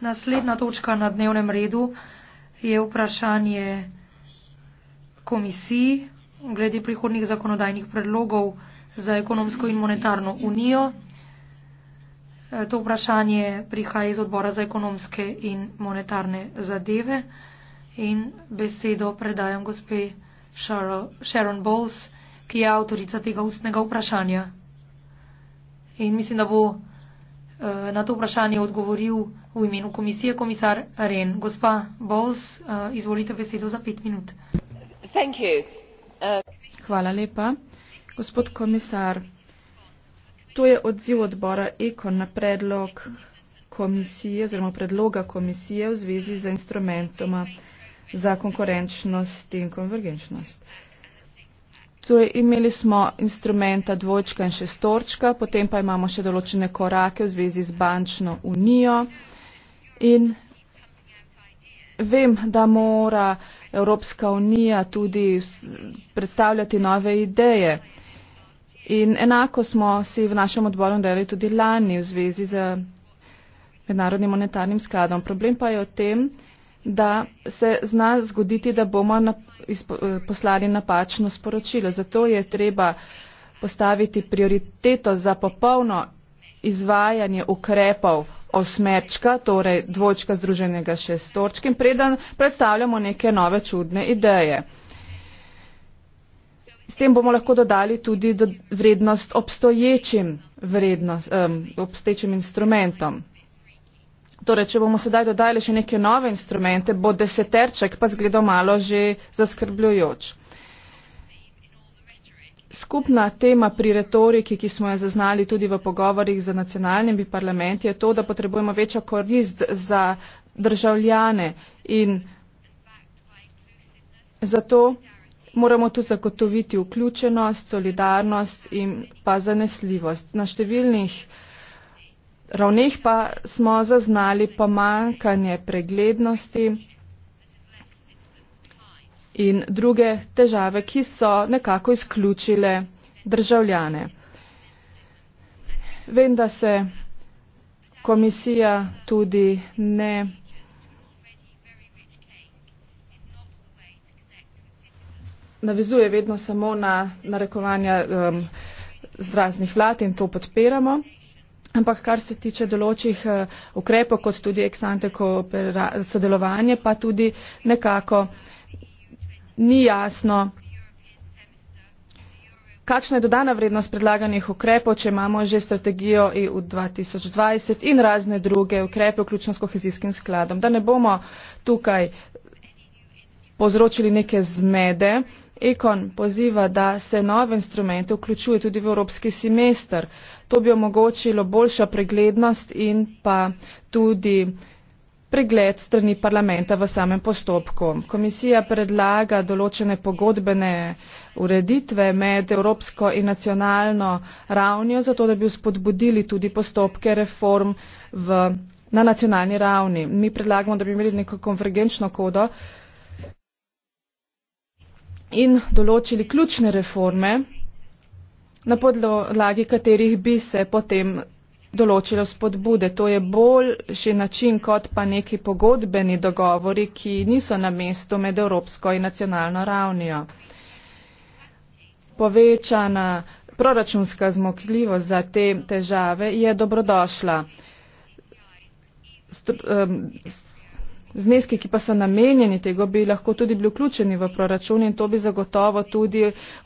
Naslednja točka na dnevnem redu je vprašanje komisiji glede prihodnih zakonodajnih predlogov za ekonomsko in monetarno unijo. E, to vprašanje prihaja iz odbora za ekonomske in monetarne zadeve in besedo predajam gospe Sharon Bowles, ki je avtorica tega ustnega vprašanja. In mislim, da bo Eh, na to vprašanje odgovoril v imenu komisije komisar Ren. Gospa Bowles, eh, izvolite besedo za pet minut. Eh, Hvala lepa. Gospod komisar, to je odziv odbora Ekon na predlog komisije oziroma predloga komisije v zvezi z instrumentoma za konkurenčnost in konvergenčnost. Torej, imeli smo instrumenta dvojčka in šestorčka, potem pa imamo še določene korake v zvezi z bančno unijo. In vem, da mora Evropska unija tudi predstavljati nove ideje. In enako smo si v našem odboru delali tudi lani v zvezi z mednarodnim monetarnim skladom. Problem pa je v tem, da da se zna zgoditi, da bomo eh, poslali napačno sporočilo. Zato je treba postaviti prioriteto za popolno izvajanje ukrepov osmečka, torej dvočka združenega šestorčkim, preden predstavljamo neke nove čudne ideje. S tem bomo lahko dodali tudi do vrednost obstoječim, vrednost, um, obstoječim instrumentom. Torej, če bomo sedaj dodali še neke nove instrumente, bo deseterček pa zgledal malo že zaskrbljujoč. Skupna tema pri retoriki, ki smo jo zaznali tudi v pogovorih z nacionalnimi parlamenti, je to, da potrebujemo večjo korist za državljane in zato moramo tu zagotoviti vključenost, solidarnost in pa zanesljivost. Na številnih uh, ravneh pa smo zaznali pomankanje preglednosti in druge težave, ki so nekako izključile državljane. Vem, da se komisija tudi ne navizuje vedno samo na narekovanja um, zdraznih vlad in to podpiramo. Ampak kar se tiče določih eh, ukrepov, kot tudi eksante sodelovanje, pa tudi nekako ni jasno, kakšna je dodana vrednost predlaganih ukrepov, če imamo že strategijo EU 2020 in razne druge ukrepe, vključno s kohezijskim skladom. Da ne bomo tukaj povzročili neke zmede, Ekon poziva, da se nove instrumente vključuje tudi v evropski semester. To bi omogočilo boljšo preglednost in pa tudi pregled strani parlamenta v samem postopku. Komisija predlaga določene pogodbene ureditve med evropsko in nacionalno ravnjo, zato da bi uspodbudili tudi postopke reform v, na nacionalni ravni. Mi predlagamo, da bi imeli neko konvergenčno kodo, in določili ključne reforme, na podlagi katerih bi se potem določilo spodbude. To je boljši način kot pa neki pogodbeni dogovori, ki niso na mestu med evropsko in nacionalno ravnijo. Povečana proračunska zmokljivost za te težave je dobrodošla. Str um, Zneski, ki pa so namenjeni tega, bi lahko tudi bili vključeni v proračun in to bi zagotovo tudi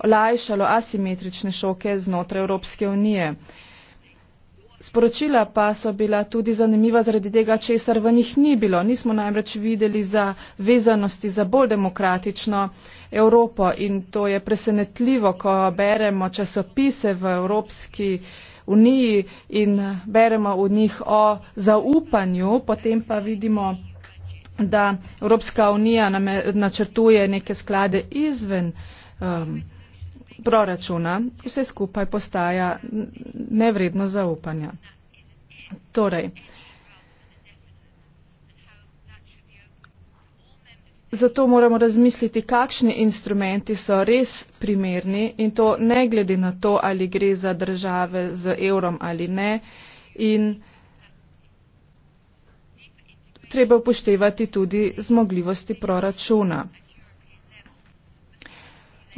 olajšalo asimetrične šoke znotraj Evropske unije. Sporočila pa so bila tudi zanimiva zaradi tega, česar v njih ni bilo. Nismo namreč videli za vezanosti za bolj demokratično Evropo in to je presenetljivo, ko beremo časopise v Evropski uniji in beremo v njih o zaupanju, potem pa vidimo da Evropska unija name, načrtuje neke sklade izven um, proračuna, vse skupaj postaja nevredno zaupanja. Torej, zato moramo razmisliti, kakšni instrumenti so res primerni in to ne glede na to, ali gre za države z evrom ali ne. In, uh, treba upoštevati tudi zmogljivosti proračuna.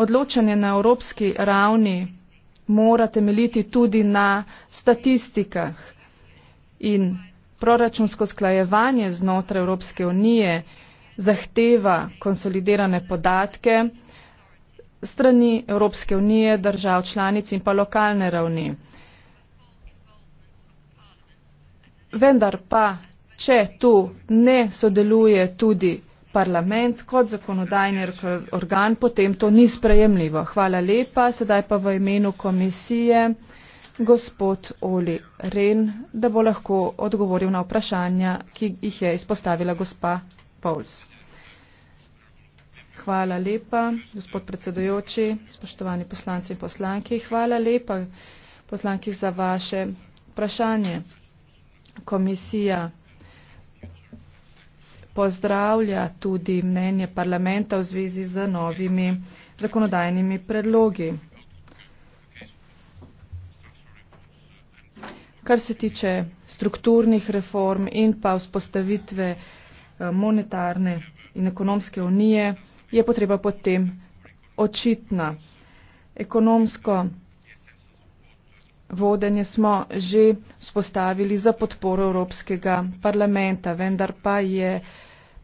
Odločanje na evropski ravni mora temeljiti tudi na statistikah in proračunsko sklajevanje znotraj Evropske unije zahteva konsolidirane podatke strani Evropske unije, držav članic in pa lokalne ravni. Vendar pa če tu ne sodeluje tudi parlament kot zakonodajni organ, potem to ni sprejemljivo. Hvala lepa. Sedaj pa v imenu komisije gospod Oli Ren, da bo lahko odgovoril na vprašanja, ki jih je izpostavila gospa Pauls. Hvala lepa, gospod predsedujoči, spoštovani poslanci in poslanki. Hvala lepa, poslanki, za vaše vprašanje. Komisija pozdravlja tudi mnenje parlamenta v zvezi z novimi zakonodajnimi predlogi. Kar se tiče strukturnih reform in pa vzpostavitve eh, monetarne in ekonomske unije, je potreba potem očitna. Ekonomsko vodenje smo že spostavili za podporo Evropskega parlamenta, vendar pa je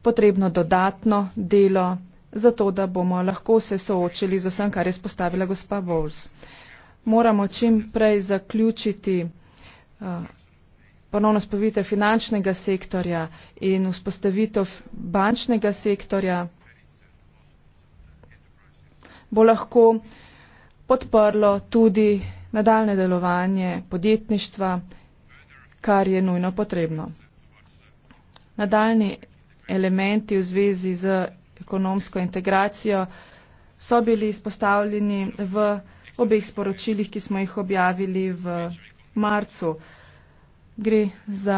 potrebno dodatno delo za to, da bomo lahko se soočili z vsem, kar je spostavila gospa Bowles. Moramo čim prej zaključiti uh, ponovno spovitev finančnega sektorja in vzpostavitev bančnega sektorja bo lahko podprlo tudi nadaljne delovanje podjetništva, kar je nujno potrebno. Nadaljni elementi v zvezi z ekonomsko integracijo so bili izpostavljeni v obeh sporočilih, ki smo jih objavili v marcu. Gre za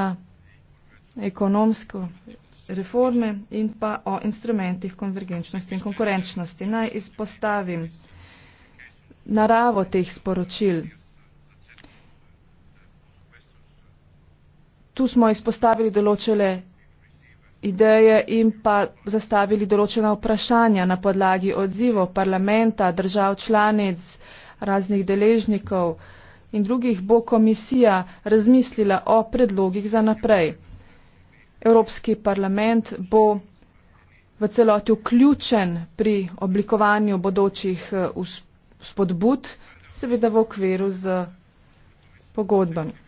ekonomsko reforme in pa o instrumentih konvergenčnosti in konkurenčnosti. Naj izpostavim naravo teh sporočil. Tu smo izpostavili določene ideje in pa zastavili določena vprašanja na podlagi odzivov parlamenta, držav članic, raznih deležnikov in drugih bo komisija razmislila o predlogih za naprej. Evropski parlament bo v celoti vključen pri oblikovanju bodočih eh, uspešnosti spodbud, seveda v okviru z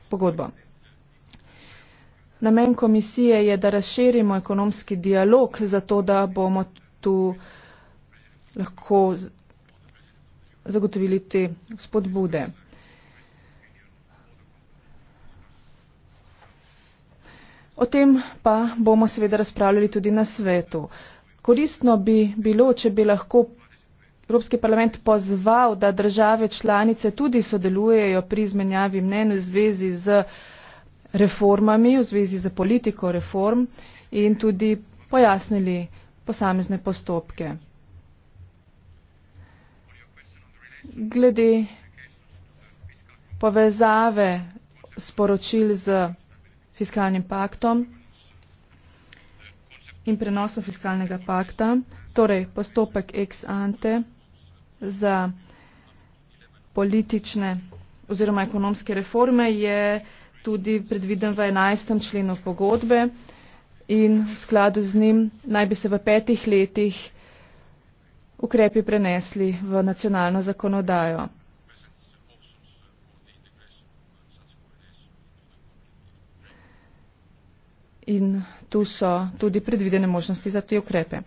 pogodbo. Namen komisije je, da razširimo ekonomski dialog, zato da bomo tu lahko zagotovili te spodbude. O tem pa bomo seveda razpravljali tudi na svetu. Koristno bi bilo, če bi lahko Evropski parlament pozval, da države članice tudi sodelujejo pri izmenjavi mnen v zvezi z reformami, v zvezi z politiko reform in tudi pojasnili posamezne postopke. Glede povezave sporočil z fiskalnim paktom in prenosom fiskalnega pakta, torej postopek ex ante, za politične oziroma ekonomske reforme je tudi predviden v 11. členu pogodbe in v skladu z njim naj bi se v petih letih ukrepi prenesli v nacionalno zakonodajo. In tu so tudi predvidene možnosti za te ukrepe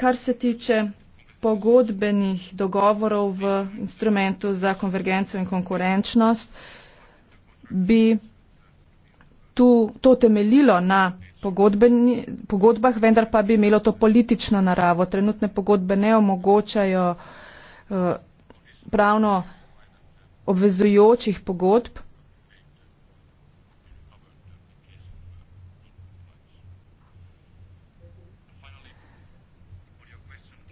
kar se tiče pogodbenih dogovorov v instrumentu za konvergenco in konkurenčnost, bi tu, to temeljilo na pogodbeni, pogodbah, vendar pa bi imelo to politično naravo. Trenutne pogodbe ne omogočajo uh, pravno obvezujočih pogodb.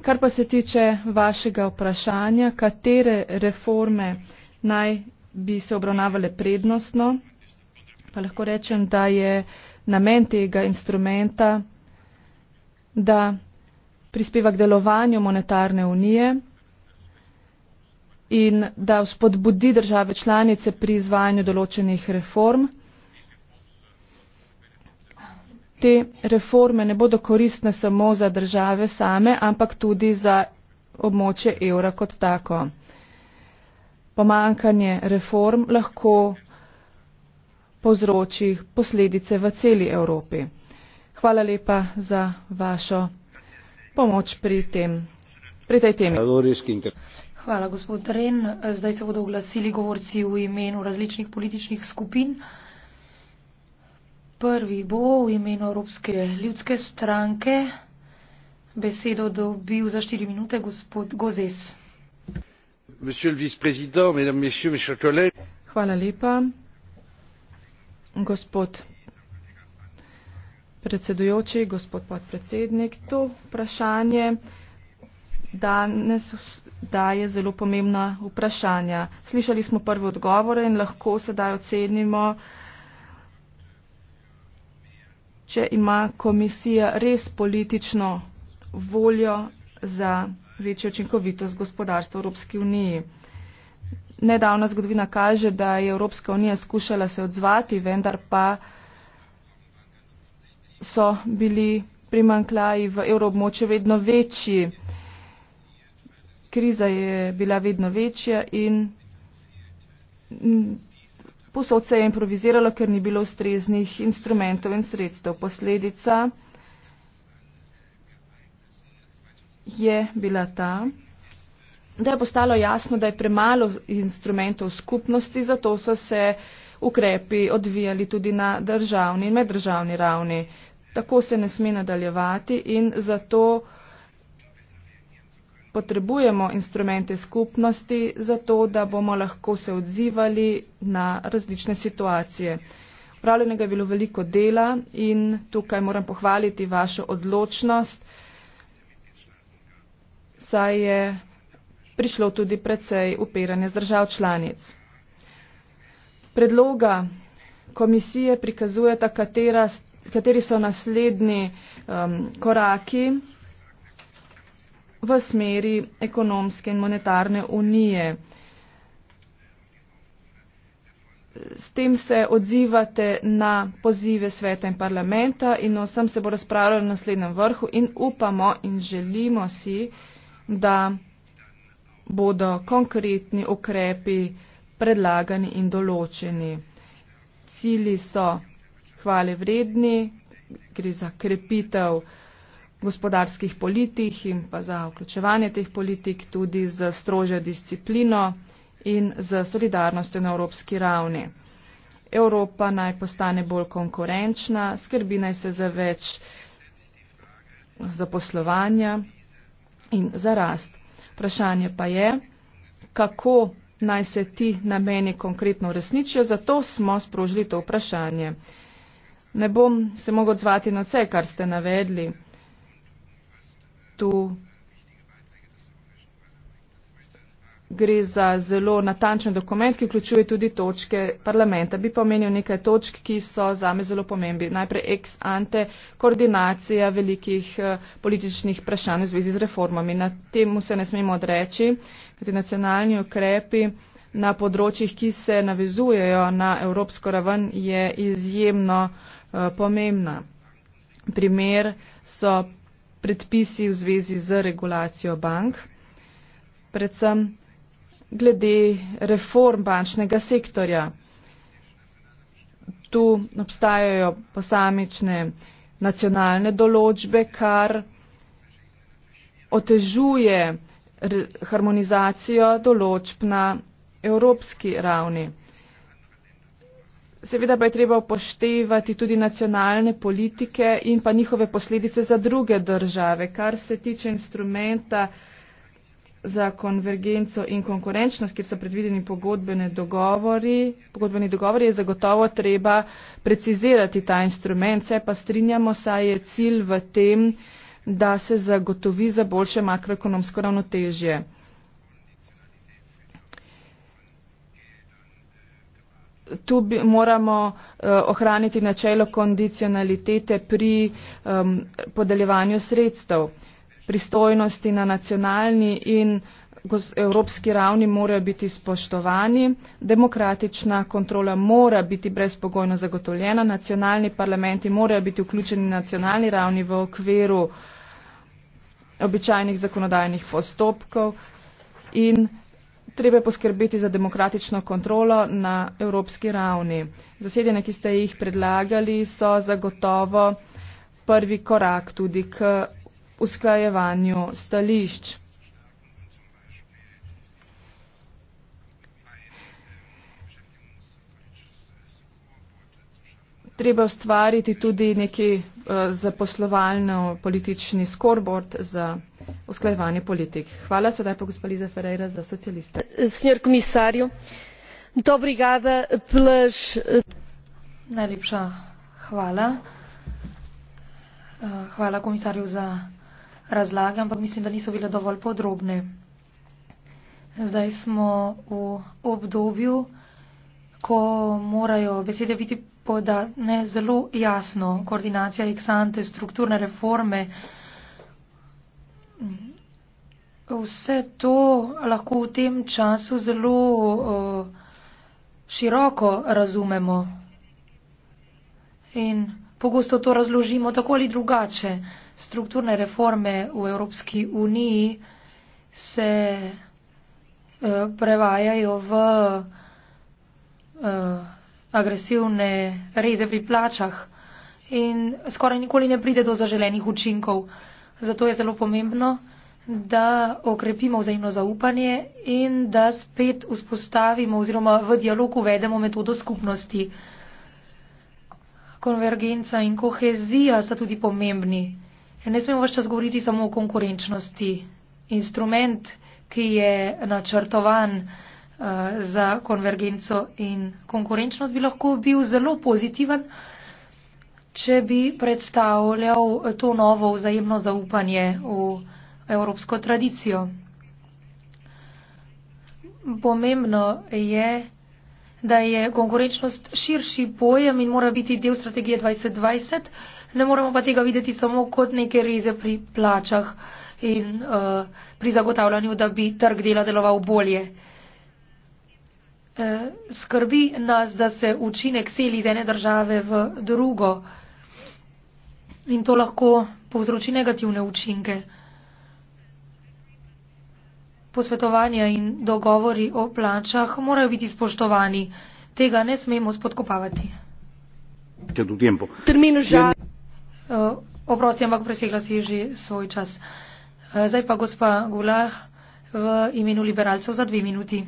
Kar pa se tiče vašega vprašanja, katere reforme naj bi se obravnavale prednostno, pa lahko rečem, da je namen tega instrumenta, da prispeva k delovanju monetarne unije in da spodbudi države članice pri izvajanju določenih reform te reforme ne bodo koristne samo za države same, ampak tudi za območje evra kot tako. Pomankanje reform lahko povzroči posledice v celi Evropi. Hvala lepa za vašo pomoč pri, tem, pri tej temi. Hvala, gospod Ren. Zdaj se bodo oglasili govorci v imenu različnih političnih skupin. Prvi bo v imenu Evropske ljudske stranke besedo dobil za štiri minute gospod Gozes. Hvala lepa, gospod predsedujoči, gospod podpredsednik. To vprašanje danes daje zelo pomembna vprašanja. Slišali smo prve odgovore in lahko sedaj ocenimo, če ima komisija res politično voljo za večjo učinkovitost gospodarstva v Evropski uniji. Nedavna zgodovina kaže, da je Evropska unija skušala se odzvati, vendar pa so bili primankljaji v evroobmočju vedno večji. Kriza je bila vedno večja in Posod se je improviziralo, ker ni bilo ustreznih instrumentov in sredstev. Posledica je bila ta, da je postalo jasno, da je premalo instrumentov skupnosti, zato so se ukrepi odvijali tudi na državni in meddržavni ravni. Tako se ne sme nadaljevati in zato potrebujemo instrumente skupnosti za to, da bomo lahko se odzivali na različne situacije. Upravljenega je bilo veliko dela in tukaj moram pohvaliti vašo odločnost, saj je prišlo tudi precej upiranja z držav članic. Predloga komisije prikazujeta, katera, kateri so naslednji um, koraki v smeri ekonomske in monetarne unije. S tem se odzivate na pozive sveta in parlamenta in o vsem se bo razpravljalo na naslednjem vrhu in upamo in želimo si, da bodo konkretni ukrepi predlagani in določeni. Cili so hvale vredni, gre za krepitev uh, gospodarskih politik in pa za vključevanje teh politik tudi z strožjo disciplino in z solidarnostjo na evropski ravni. Evropa naj postane bolj konkurenčna, skrbi naj se za več zaposlovanja in za rast. Vprašanje pa je, kako naj se ti nameni konkretno uresničijo, zato smo sprožili to vprašanje. Ne bom se mogel odzvati na vse, kar ste navedli tu gre za zelo natančen dokument, ki vključuje tudi točke parlamenta. Bi pomenil nekaj točk, ki so zame zelo pomembi. Najprej ex ante koordinacija velikih eh, političnih vprašanj v zvezi z reformami. Na temu se ne smemo odreči, ker ti nacionalni ukrepi na področjih, ki se navezujejo na evropsko raven, je izjemno uh, pomembna. Primer so predpisi v zvezi z regulacijo bank, predvsem glede reform bančnega sektorja. Tu obstajajo posamične nacionalne določbe, kar otežuje harmonizacijo določb na evropski ravni. Seveda pa je treba upoštevati tudi nacionalne politike in pa njihove posledice za druge države. Kar se tiče instrumenta za konvergenco in konkurenčnost, kjer so predvideni pogodbene dogovori, pogodbeni dogovori je zagotovo treba precizirati ta instrument. Se pa strinjamo, saj je cilj v tem, da se zagotovi za boljše makroekonomsko ravnotežje. tu bi, moramo uh, ohraniti načelo kondicionalitete pri um, podeljevanju sredstev. Pristojnosti na nacionalni in evropski ravni morajo biti spoštovani, demokratična kontrola mora biti brezpogojno zagotovljena, nacionalni parlamenti morajo biti vključeni na nacionalni ravni v okviru običajnih zakonodajnih postopkov in treba je poskrbeti za demokratično kontrolo na evropski ravni. Zasedene, ki ste jih predlagali, so zagotovo prvi korak tudi k usklajevanju stališč. Treba ustvariti tudi neki Eh, za poslovalno politični scoreboard za usklajevanje politik. Hvala sedaj pa gospa Liza Ferreira za socialiste. Senjor komisarju, dobrigada plaž. Eh, Najlepša hvala. Eh, hvala komisarju za razlage, ampak mislim, da niso bile dovolj podrobne. Zdaj smo v obdobju, ko morajo besede biti tako da ne zelo jasno koordinacija eksante, strukturne reforme. Vse to lahko v tem času zelo široko razumemo in pogosto to razložimo tako ali drugače. Strukturne reforme v Evropski uniji se eh, prevajajo v eh, agresivne reze pri plačah in skoraj nikoli ne pride do zaželenih učinkov. Zato je zelo pomembno, da okrepimo vzajemno zaupanje in da spet vzpostavimo oziroma v dialog uvedemo metodo skupnosti. Konvergenca in kohezija sta tudi pomembni. Ne smemo vse čas govoriti samo o konkurenčnosti. Instrument, ki je načrtovan, Eh, za konvergenco in konkurenčnost bi lahko bil zelo pozitiven, če bi predstavljal to novo vzajemno zaupanje v evropsko tradicijo. Pomembno je, da je konkurenčnost širši pojem in mora biti del strategije 2020, ne moramo pa tega videti samo kot neke rize pri plačah in uh, pri zagotavljanju, da bi trg dela deloval bolje. Eh, skrbi nas, da se učinek seli iz ene države v drugo. In to lahko povzroči negativne učinke. Posvetovanja in dogovori o plačah morajo biti spoštovani. Tega ne smemo spodkopavati. Termino žal. Eh, oprosti, ampak presegla si že svoj čas. Eh, zdaj pa gospa Gulah v imenu liberalcev za dve minuti.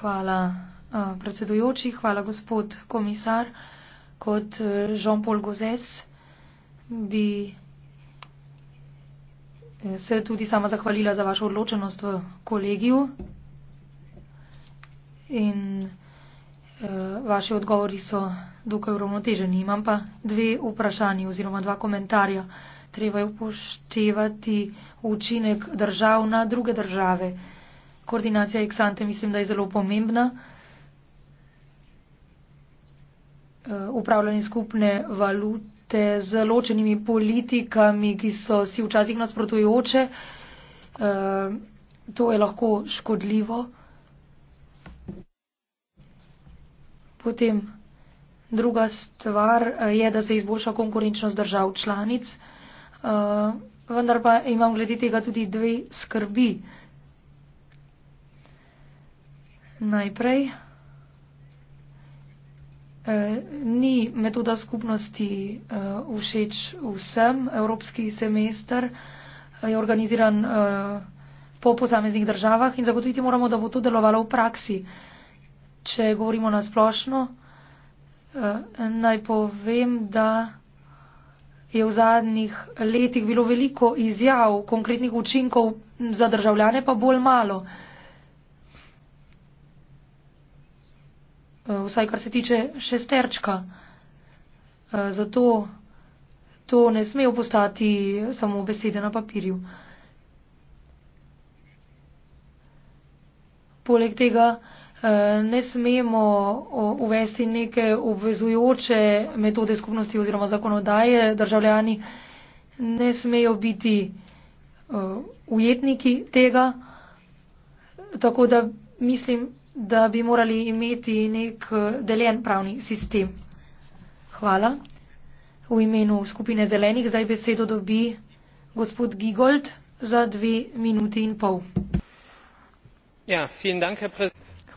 Hvala, uh, predsedujoči, hvala, gospod komisar. Kot eh, Jean-Paul Gozes bi eh, se tudi sama zahvalila za vašo odločenost v kolegiju in uh, vaši odgovori so dokaj uravnoteženi. Imam pa dve vprašanje oziroma dva komentarja. Treba je upoštevati učinek držav na druge države. Uh, koordinacija eksante mislim, da je zelo pomembna. Eh, upravljanje skupne valute z ločenimi politikami, ki so si včasih nasprotujoče, eh, to je lahko škodljivo. Potem druga stvar eh, je, da se izboljša konkurenčnost držav članic, vendar pa imam glede tega tudi dve skrbi najprej. Eh, ni metoda skupnosti eh, všeč vsem. Evropski semester eh, je organiziran po posameznih državah in zagotoviti moramo, da bo to delovalo v praksi. Če govorimo na splošno, naj povem, da je v zadnjih letih bilo veliko izjav konkretnih učinkov, za državljane pa bolj malo. Eh, vsaj kar se tiče šesterčka. Eh, zato to ne smejo postati samo besede na papirju. Poleg tega eh, ne smemo uvesti neke obvezujoče metode skupnosti oziroma zakonodaje. Državljani ne smejo biti ujetniki tega. Tako da mislim, da bi morali imeti nek eh, deljen pravni sistem. Hvala. V imenu skupine zelenih zdaj besedo dobi gospod Gigold za dve minuti in pol. Ja, dank,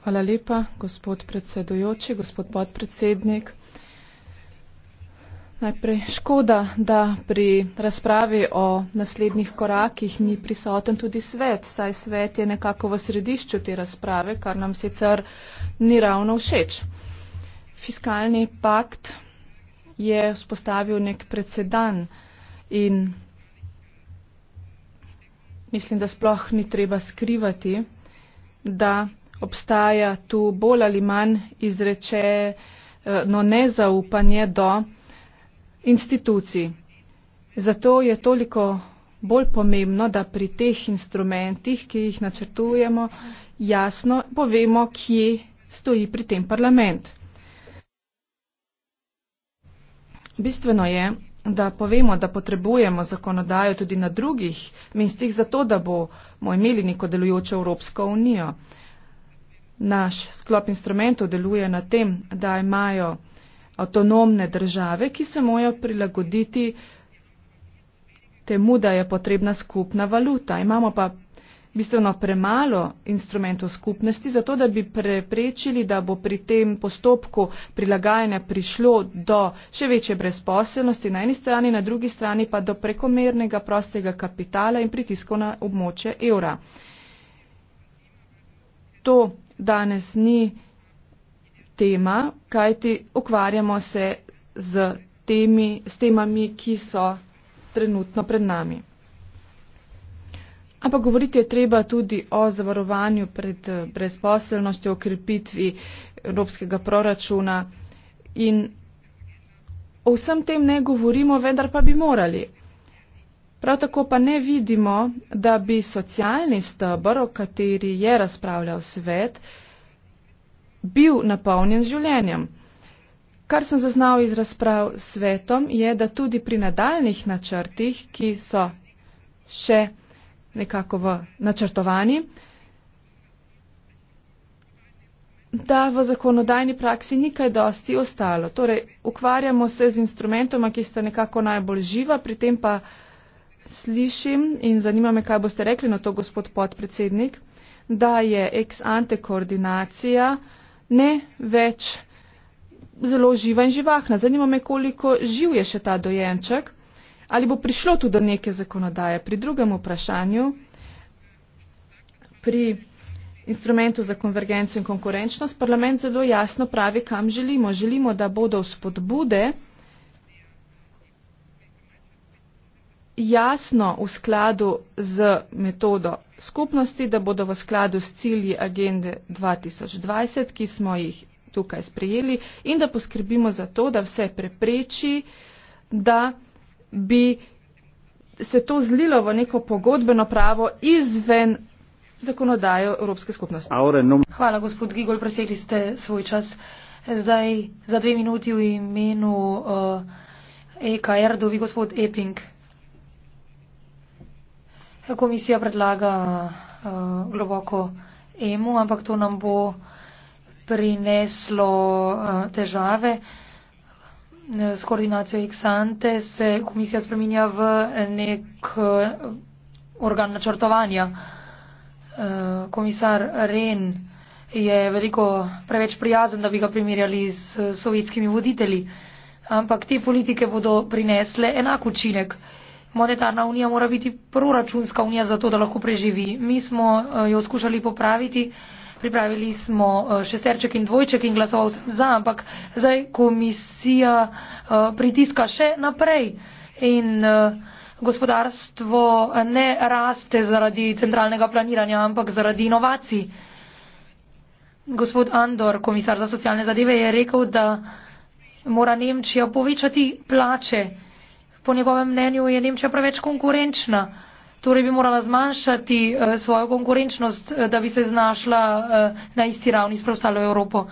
Hvala lepa, gospod predsedujoči, gospod podpredsednik. Najprej škoda, da pri razpravi o naslednjih korakih ni prisoten tudi svet, saj svet je nekako v središču te razprave, kar nam sicer ni ravno všeč. Fiskalni pakt je vzpostavil nek predsedan in mislim, da sploh ni treba skrivati, da obstaja tu bolj ali manj izreče eh, no nezaupanje do institucij. Zato je toliko bolj pomembno, da pri teh instrumentih, ki jih načrtujemo, jasno povemo, kje stoji pri tem parlament. Bistveno je, da povemo, da potrebujemo zakonodajo tudi na drugih mestih, zato da bomo imeli neko delujočo Evropsko unijo. Naš sklop instrumentov deluje na tem, da imajo avtonomne države, ki se mojo prilagoditi temu, da je potrebna skupna valuta. Imamo pa bistveno premalo instrumentov skupnosti, zato da bi preprečili, da bo pri tem postopku prilagajanja prišlo do še večje brezposelnosti na eni strani, na drugi strani pa do prekomernega prostega kapitala in pritiskov na območje evra. To danes ni tema, kajti ukvarjamo se z, temi, z temami, ki so trenutno pred nami. Ampak govoriti je treba tudi o zavarovanju pred brezposelnostjo, o krepitvi evropskega proračuna in o vsem tem ne govorimo, vendar pa bi morali. Prav tako pa ne vidimo, da bi socialni stebr, o kateri je razpravljal svet, bil napolnjen z življenjem. Kar sem zaznal iz razprav s svetom je, da tudi pri nadaljnih načrtih, ki so še nekako v načrtovani, da v zakonodajni praksi ni kaj dosti ostalo. Torej, ukvarjamo se z instrumentoma, ki sta nekako najbolj živa, pri tem pa slišim in zanima me, kaj boste rekli na to, gospod podpredsednik, da je ex ante koordinacija ne več zelo živa in živahna. Zanima me, koliko živ je še ta dojenček, ali bo prišlo tudi do neke zakonodaje. Pri drugem vprašanju, pri instrumentu za konvergenco in konkurenčnost, parlament zelo jasno pravi, kam želimo. Želimo, da bodo spodbude, jasno v skladu z metodo skupnosti, da bodo v skladu s cilji agende 2020, ki smo jih tukaj sprejeli in da poskrbimo za to, da vse prepreči, da bi se to zlilo v neko pogodbeno pravo izven zakonodajo Evropske skupnosti. Hvala, gospod Gigol, presegli ste svoj čas. Zdaj za dve minuti v imenu uh, eh, EKR dovi gospod Eping. Komisija predlaga uh, globoko emu, ampak to nam bo prineslo uh, težave. Eh, s koordinacijo Xante se komisija spreminja v nek organ načrtovanja. Komisar Ren je veliko preveč prijazen, da bi ga primerjali s sovjetskimi voditelji, ampak te politike bodo prinesle enak učinek. Monetarna unija mora biti proračunska unija za to, da lahko preživi. Mi smo eh, jo skušali popraviti, pripravili smo eh, šesterček in dvojček in glasoval sem za, ampak zdaj komisija eh, pritiska še naprej in gospodarstvo ne raste zaradi centralnega planiranja, ampak zaradi inovacij. Gospod Andor, komisar za socialne zadeve, je rekel, da mora Nemčija povečati plače. Po njegovem mnenju je Nemčija preveč konkurenčna, torej bi morala zmanjšati eh, svojo konkurenčnost, eh, da bi se znašla eh, na isti ravni s preostalo Evropo.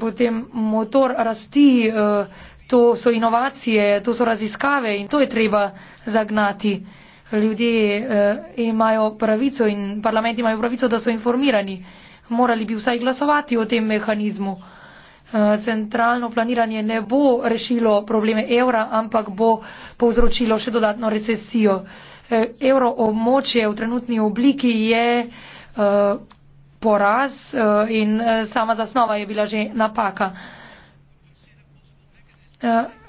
Potem motor rasti, to so inovacije, to so raziskave in to je treba zagnati. Ljudje imajo pravico in parlamenti imajo pravico, da so informirani. Morali bi vsaj glasovati o tem mehanizmu. Eh, centralno planiranje ne bo rešilo probleme evra, ampak bo povzročilo še dodatno recesijo. Eh, evro območje v trenutni obliki je eh, poraz in sama zasnova je bila že napaka.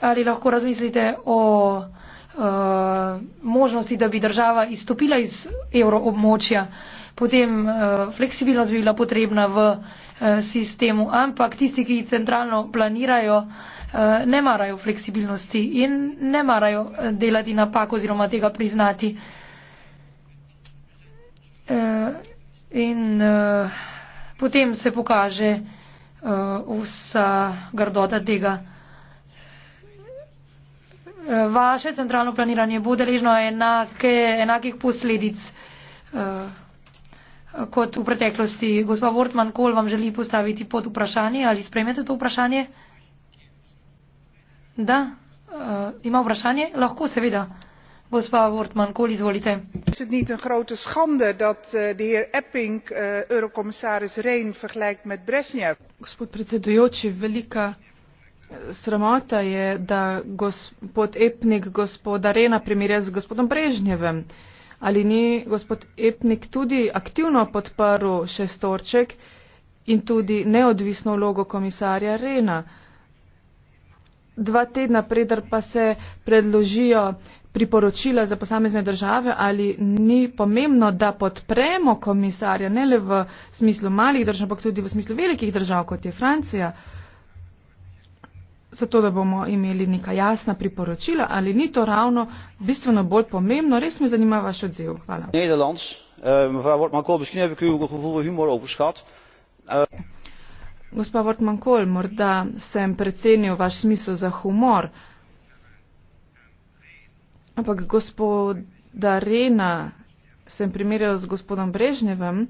Ali lahko razmislite o možnosti, da bi država izstopila iz evro območja? potem eh, fleksibilnost bi bila potrebna v eh, sistemu. Ampak tisti, ki centralno planirajo, eh, ne marajo fleksibilnosti in ne marajo delati napako oziroma tega priznati. In potem se pokaže vsa grdota tega. Vaše centralno planiranje bo deležno enake, enakih posledic. Uh kot v preteklosti. Gospa Wortman Kohl vam želi postaviti pod vprašanje. Ali sprejmete to vprašanje? Da, uh, ima vprašanje? Lahko seveda. Gospa Wortman Kohl, izvolite. Is het niet een grote schande dat eh, de heer Epping uh, eurocommissaris Rehn vergelijkt met Brezhnev? Gospod predsedujoči, velika sramota je, da gospod Epnik gospoda Rena primerja z gospodom Brežnjevem. Uh, ali ni gospod Epnik tudi aktivno podprl šestorček in tudi neodvisno vlogo komisarja Rena. Dva tedna predar pa se predložijo priporočila za posamezne države, ali ni pomembno, da podpremo komisarja ne le v smislu malih držav, ampak tudi v smislu velikih držav, kot je Francija. Uh, zato da bomo imeli neka jasna priporočila, ali ni to ravno bistveno bolj pomembno. Res me zanima vaš odziv. Hvala. Nederlands, eh, mevrouw Wortmann-Kohl, misschien heb ik uw gevoel voor humor overschat. Eh, gospa Wortmann-Kohl, morda sem precenil vaš smisel za humor. Ampak gospoda Rena sem primerjal z gospodom Brežnevem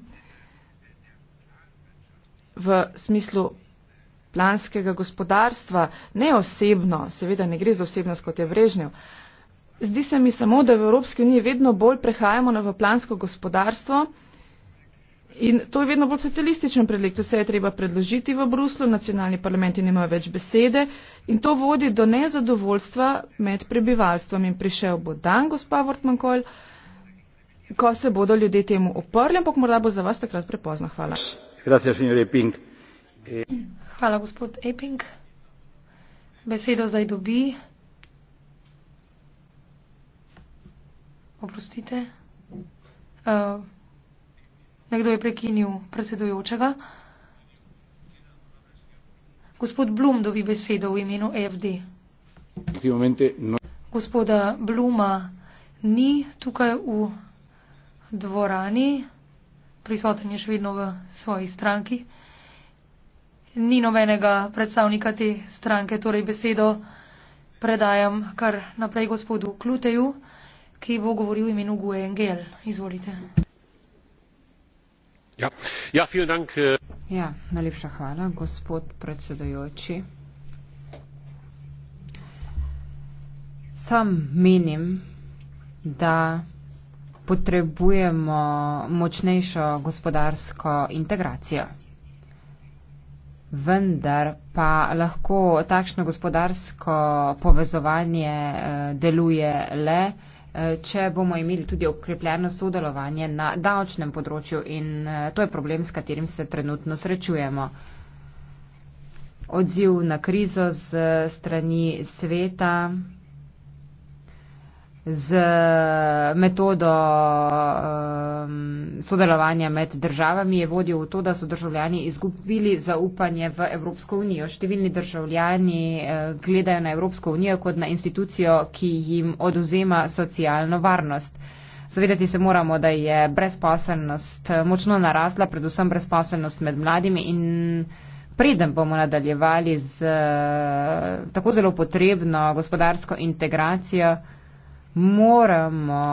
v smislu lanskega gospodarstva, ne osebno, seveda ne gre za osebnost, kot je vrežnjo. Zdi se mi samo, da v Evropski uniji vedno bolj prehajamo na plansko gospodarstvo in to je vedno bolj socialističen predlik. Vse je treba predložiti v Bruslu, nacionalni parlamenti nimajo več besede in to vodi do nezadovoljstva med prebivalstvom in prišel bo dan, gospa Vortmankol, ko se bodo ljudje temu oprli, ampak morda bo za vas takrat prepozno. Hvala. Grazie, Hvala, gospod Eping. Besedo zdaj dobi. Oprostite. Uh, nekdo je prekinil predsedujočega. Gospod Blum dobi besedo v imenu AFD. No. Gospoda Bluma ni tukaj v dvorani, prisoten je še vedno v svoji stranki. Uh, ni nobenega predstavnika te stranke, torej besedo predajam kar naprej gospodu Kluteju, ki bo govoril v imenu Gue Engel. Izvolite. Ja. Ja, dank, uh... ja, najlepša hvala, gospod predsedojoči. Sam menim, da potrebujemo močnejšo gospodarsko integracijo vendar pa lahko takšno gospodarsko povezovanje eh, deluje le, eh, če bomo imeli tudi okrepljeno sodelovanje na davčnem področju in eh, to je problem, s katerim se trenutno srečujemo. Odziv na krizo z strani sveta z eh, metodo um, sodelovanja med državami je vodil v to, da so državljani izgubili zaupanje v Evropsko unijo. Številni državljani uh, gledajo na Evropsko unijo kot na institucijo, ki jim oduzema socialno varnost. Zavedati se moramo, da je brezposelnost močno narasla, predvsem brezposelnost med mladimi in preden bomo nadaljevali z uh, tako zelo potrebno gospodarsko integracijo, moramo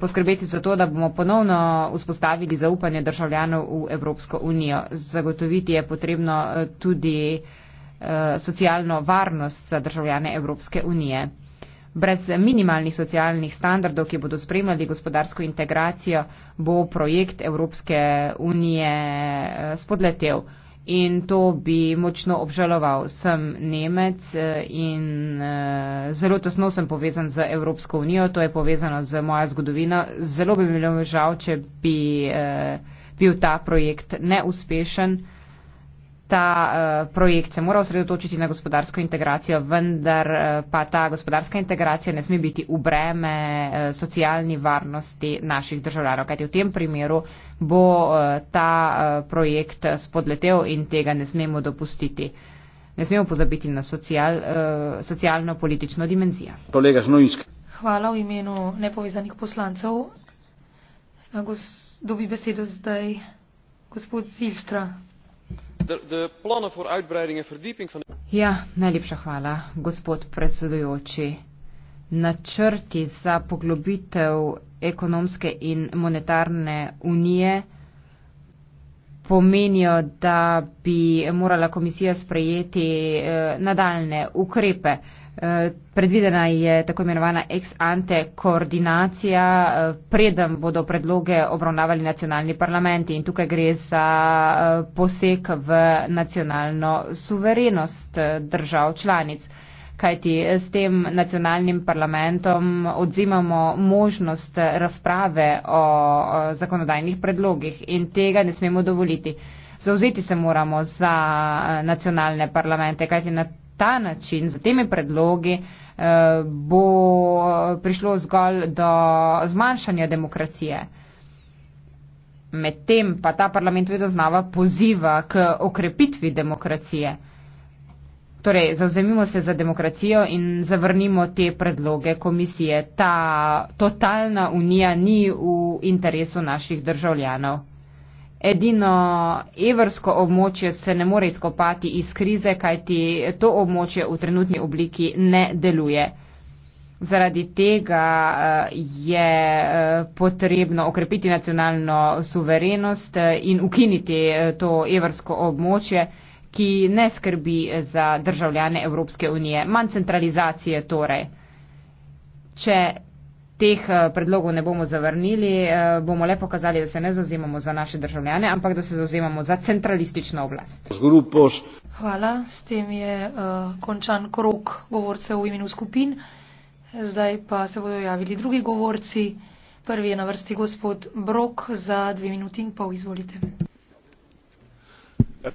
poskrbeti za to, da bomo ponovno vzpostavili zaupanje državljanov v Evropsko unijo. Zagotoviti je potrebno eh, tudi eh, socialno varnost za državljane Evropske unije. Brez minimalnih socialnih standardov, ki bodo spremljali gospodarsko integracijo, bo projekt Evropske unije eh, spodletel in to bi močno obžaloval. Sem Nemec eh, in eh, zelo tesno sem povezan z Evropsko unijo, to je povezano z moja zgodovina. Zelo bi mi bilo žal, če bi eh, bil ta projekt neuspešen ta uh, projekt se mora osredotočiti na gospodarsko integracijo, vendar uh, pa ta gospodarska integracija ne sme biti v breme uh, socialni varnosti naših državljanov. Kajti v tem primeru bo uh, ta uh, projekt spodletel in tega ne smemo dopustiti. Ne smemo pozabiti na social, uh, socialno-politično dimenzijo. Kolega Žnojinski. Hvala v imenu nepovezanih poslancev. Gos, dobi besedo zdaj gospod Zilstra. Ja, najlepša hvala, gospod predsedujoči. Načrti za poglobitev ekonomske in monetarne unije pomenijo, da bi morala komisija sprejeti eh, nadaljne ukrepe. Predvidena je tako imenovana ex ante koordinacija, preden bodo predloge obravnavali nacionalni parlamenti in tukaj gre za eh, poseg v nacionalno suverenost eh, držav članic. Kajti eh, s tem nacionalnim parlamentom odzimamo možnost razprave o zakonodajnih predlogih in tega ne smemo dovoliti. Zauzeti se moramo za nacionalne parlamente, kajti na ta način, z temi predlogi, eh, bo eh, prišlo zgolj do zmanjšanja demokracije. Medtem pa ta parlament vedno znava poziva k okrepitvi demokracije. Torej, zauzemimo se za demokracijo in zavrnimo te predloge komisije. Ta totalna unija ni v interesu naših državljanov. Edino evrsko območje se ne more izkopati iz krize, kajti to območje v trenutni obliki ne deluje. Zaradi tega eh, je eh, potrebno okrepiti nacionalno suverenost eh, in ukiniti to evrsko območje, ki ne skrbi za državljane Evropske unije. Manj centralizacije torej. Če teh eh, predlogov ne bomo zavrnili, eh, bomo le pokazali, da se ne zauzemamo za naše državljane, ampak da se zauzemamo za centralistično oblast. Hvala, s tem je uh, končan krok govorcev v imenu skupin. Zdaj pa se bodo javili drugi govorci. Prvi je na vrsti gospod Brok za dve minuti in pol. Izvolite.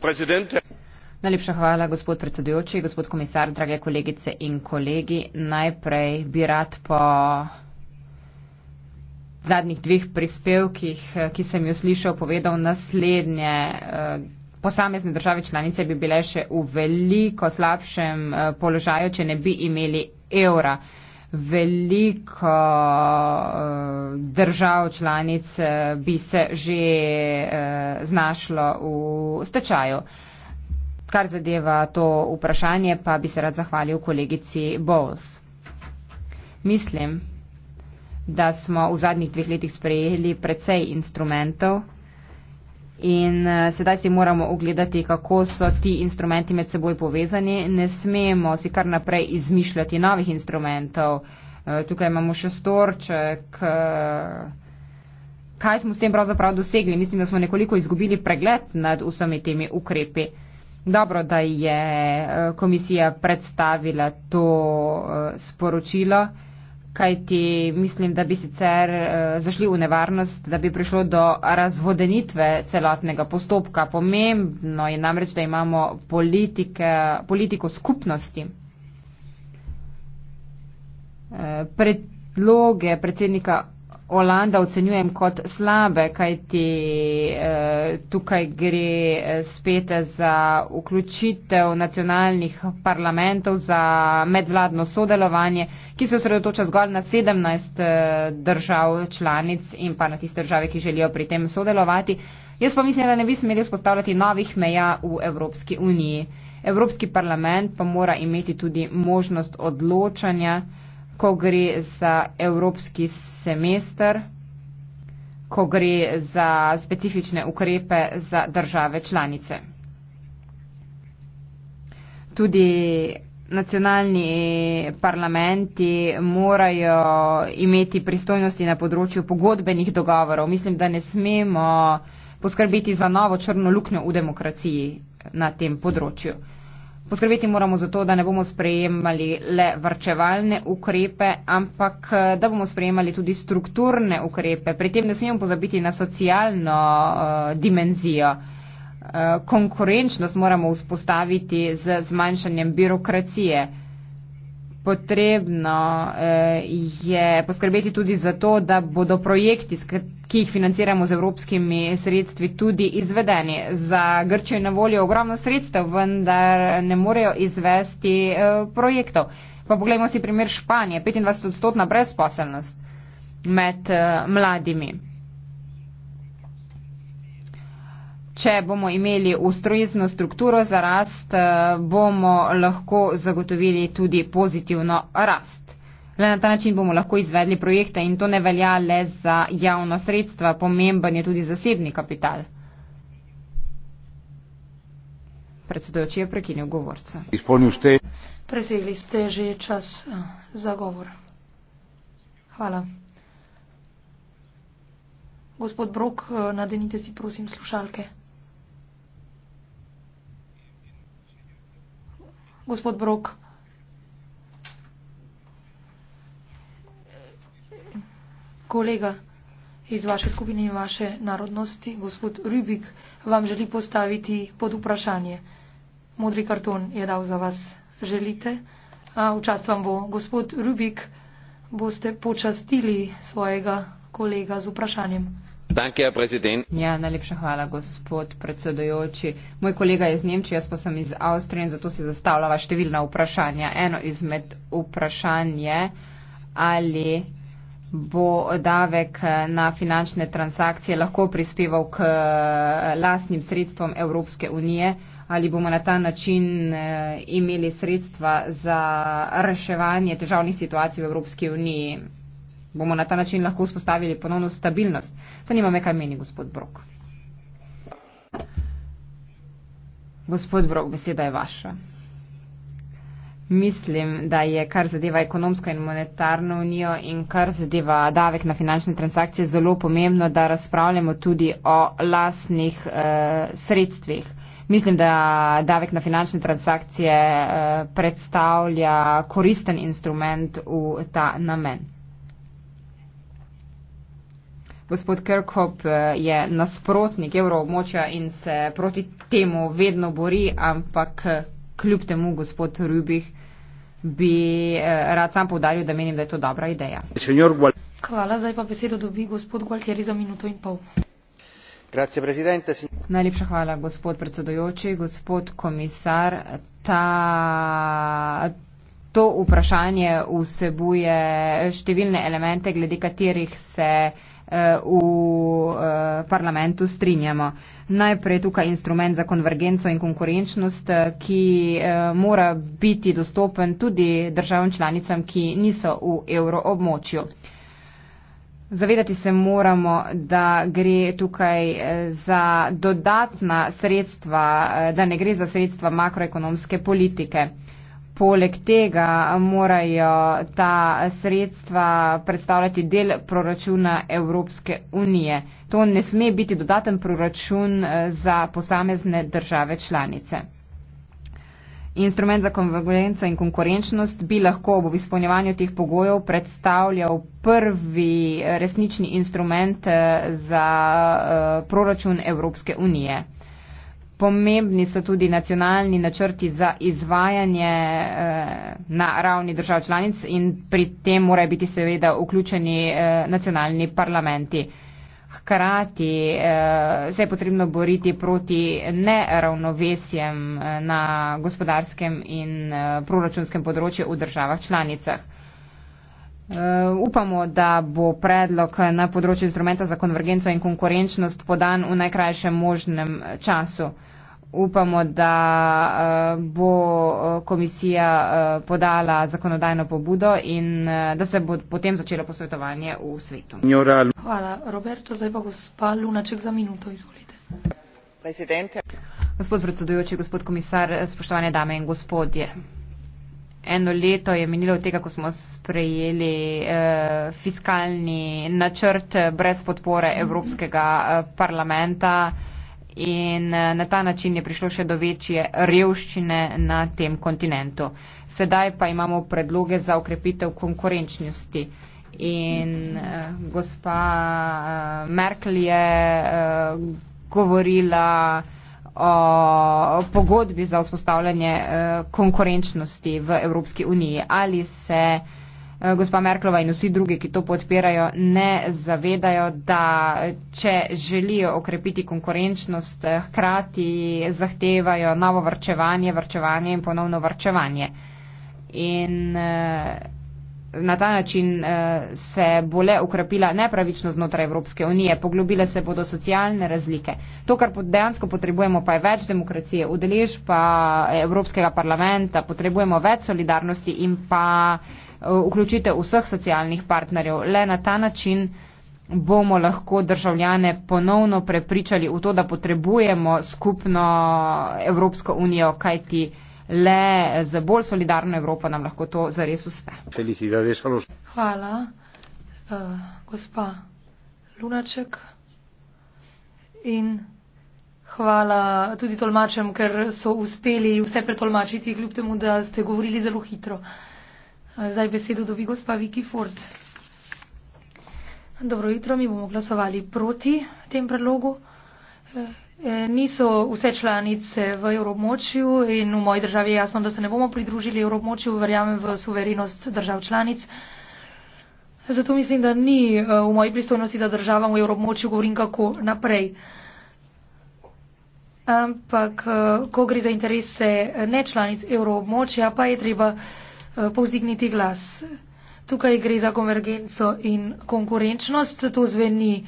Presidente. Najlepša hvala, gospod predsedujoči, gospod komisar, drage kolegice in kolegi. Najprej bi rad po zadnjih dveh prispevkih, eh, ki sem jo slišal, povedal naslednje. Eh, posamezne države članice bi bile še v veliko slabšem eh, položaju, če ne bi imeli evra. Veliko držav članic bi se že znašlo v stečaju. Kar zadeva to vprašanje, pa bi se rad zahvalil kolegici Bowles. Mislim, da smo v zadnjih dveh letih sprejeli precej instrumentov in eh, sedaj si moramo ogledati, kako so ti instrumenti med seboj povezani. Ne smemo si kar naprej izmišljati novih instrumentov. Eh, tukaj imamo še storček. Eh, kaj smo s tem pravzaprav dosegli? Mislim, da smo nekoliko izgubili pregled nad vsemi temi ukrepi. Dobro, da je komisija predstavila to sporočilo kajti mislim, da bi sicer eh, zašli v nevarnost, da bi prišlo do razvodenitve celotnega postopka. Pomembno je namreč, da imamo politike, politiko skupnosti. Eh, predloge predsednika Olanda ocenjujem kot slabe, kajti eh, tukaj gre eh, spet za vključitev nacionalnih parlamentov za medvladno sodelovanje, ki se osredotoča zgolj na 17 eh, držav članic in pa na tiste države, ki želijo pri tem sodelovati. Jaz pa mislim, da ne bi smeli vzpostavljati novih meja v Evropski uniji. Evropski parlament pa mora imeti tudi možnost odločanja ko gre za evropski semester, ko gre za specifične ukrepe za države članice. Tudi nacionalni parlamenti morajo imeti pristojnosti na področju pogodbenih dogovorov. Mislim, da ne smemo poskrbeti za novo črno luknjo v demokraciji na tem področju. Poskrbeti moramo za to, da ne bomo sprejemali le varčevalne ukrepe, ampak eh, da bomo sprejemali tudi strukturne ukrepe. Pri tem ne smemo pozabiti na socialno uh, dimenzijo. Uh, konkurenčnost moramo vzpostaviti z zmanjšanjem birokracije. Uh, potrebno eh, je poskrbeti tudi za to, da bodo projekti, ki jih financiramo z evropskimi sredstvi, tudi izvedeni. Za Grčijo je na voljo ogromno sredstev, vendar ne morejo izvesti eh, projektov. Pa pogledajmo si primer Španije, 25-odstotna brezposelnost med eh, mladimi. Če bomo imeli ustrezno strukturo za rast, eh, bomo lahko zagotovili tudi pozitivno rast. Le na ta način bomo lahko izvedli projekte in to ne velja le za javna sredstva, pomemben je tudi zasebni kapital. Predsedujoči je prekinil govorca. Prezeli ste že čas eh, za govor. Hvala. Gospod Brok, eh, nadenite si prosim slušalke. gospod Brok. Kolega iz vaše skupine in vaše narodnosti, gospod Rubik, vam želi postaviti pod vprašanje. Modri karton je dal za vas. Želite? A včast vam bo gospod Rubik, boste počastili svojega kolega z vprašanjem. Ja, najlepša hvala, gospod predsedojoči. Moj kolega je iz Nemčije, jaz pa sem iz Avstrije in zato si zastavljala številna vprašanja. Eno izmed vprašanj je, ali bo davek na finančne transakcije lahko prispeval k eh, lastnim sredstvom Evropske unije, ali bomo na ta način eh, imeli sredstva za reševanje težavnih situacij v Evropski uniji bomo na ta način lahko vzpostavili ponovno stabilnost. Zanima me, kaj meni gospod Brok. Gospod Brok, beseda je vaša. Mislim, da je kar zadeva ekonomsko in monetarno unijo in kar zadeva davek na finančne transakcije zelo pomembno, da razpravljamo tudi o lasnih eh, sredstvih. Mislim, da davek na finančne transakcije eh, predstavlja koristen instrument v ta namen gospod Kirkhope eh, je nasprotnik evroobmočja in se proti temu vedno bori, ampak eh, kljub temu gospod Rubih bi eh, rad sam povdaril, da menim, da je to dobra ideja. Hvala, zdaj pa besedo dobi gospod Gualtieri za minuto in pol. Najlepša hvala, gospod predsedojoči, gospod komisar. Ta, to vprašanje vsebuje številne elemente, glede katerih se eh, Eh, v eh, parlamentu strinjamo. Najprej tukaj instrument za konvergenco in konkurenčnost, eh, ki mora biti dostopen tudi državam članicam, ki niso v evroobmočju. Zavedati se moramo, da gre tukaj za dodatna sredstva, da ne gre za sredstva makroekonomske politike. Poleg tega morajo ta sredstva predstavljati del proračuna Evropske unije. To ne sme biti dodaten proračun eh, za posamezne države članice. Instrument za konvergenco in konkurenčnost bi lahko ob izpolnjevanju teh pogojev predstavljal prvi eh, resnični instrument eh, za proračun Evropske unije. Pomembni so tudi nacionalni načrti za izvajanje eh, na ravni držav članic in pri tem morajo biti seveda vključeni eh, nacionalni parlamenti. Hkrati eh, se je potrebno boriti proti neravnovesjem eh, na gospodarskem in eh, proračunskem področju v državah članicah. Eh, upamo, da bo predlog na področju instrumenta za konvergenco in konkurenčnost podan v najkrajšem možnem času. Upamo, da eh, bo eh, komisija podala zakonodajno pobudo in da se bo potem začelo posvetovanje v svetu. Hvala, Roberto. Zdaj pa gospa Lunaček za minuto. Izvolite. Presidente. Gospod predsedujoči, gospod komisar, spoštovane dame in gospodje eno leto je minilo od tega, ko smo sprejeli uh, fiskalni načrt brez podpore Evropskega eh, parlamenta in uh, na ta način je prišlo še do večje revščine na tem kontinentu. Sedaj pa imamo predloge za ukrepitev konkurenčnosti. In uh, gospa uh, Merkel je uh, govorila, o pogodbi za vzpostavljanje eh, konkurenčnosti v Evropski uniji. Ali se eh, gospa Merklova in vsi drugi, ki to podpirajo, ne zavedajo, da če želijo okrepiti konkurenčnost, eh, hkrati zahtevajo novo vrčevanje, vrčevanje in ponovno vrčevanje. In, uh, na ta način uh, se bo le ukrepila nepravično znotraj Evropske unije, poglobile se bodo socialne razlike. To, kar dejansko potrebujemo, pa je več demokracije, udelež pa eh, Evropskega parlamenta, potrebujemo več solidarnosti in pa uh, eh, vključite vseh socialnih partnerjev. Le na ta način bomo lahko državljane ponovno prepričali v to, da potrebujemo skupno Evropsko unijo, kajti uh, le z bolj solidarno Evropo nam lahko to zares uspe. Hvala, uh, gospa Lunaček. In hvala tudi tolmačem, ker so uspeli vse pretolmačiti, kljub temu, da ste govorili zelo hitro. Eh, zdaj besedo dobi gospa Viki Ford. Dobro jutro, mi bomo glasovali proti tem predlogu. Uh, Eh, niso vse članice v evromočju in v moji državi je jasno, da se ne bomo pridružili evromočju, verjamem v suverenost držav članic. Zato mislim, da ni eh, v moji pristojnosti, da državam v evromočju govorim kako naprej. Ampak, eh, ko gre za interese ne članic evromočja, pa je treba povzdigniti glas. Tukaj gre za konvergenco in konkurenčnost, to zveni.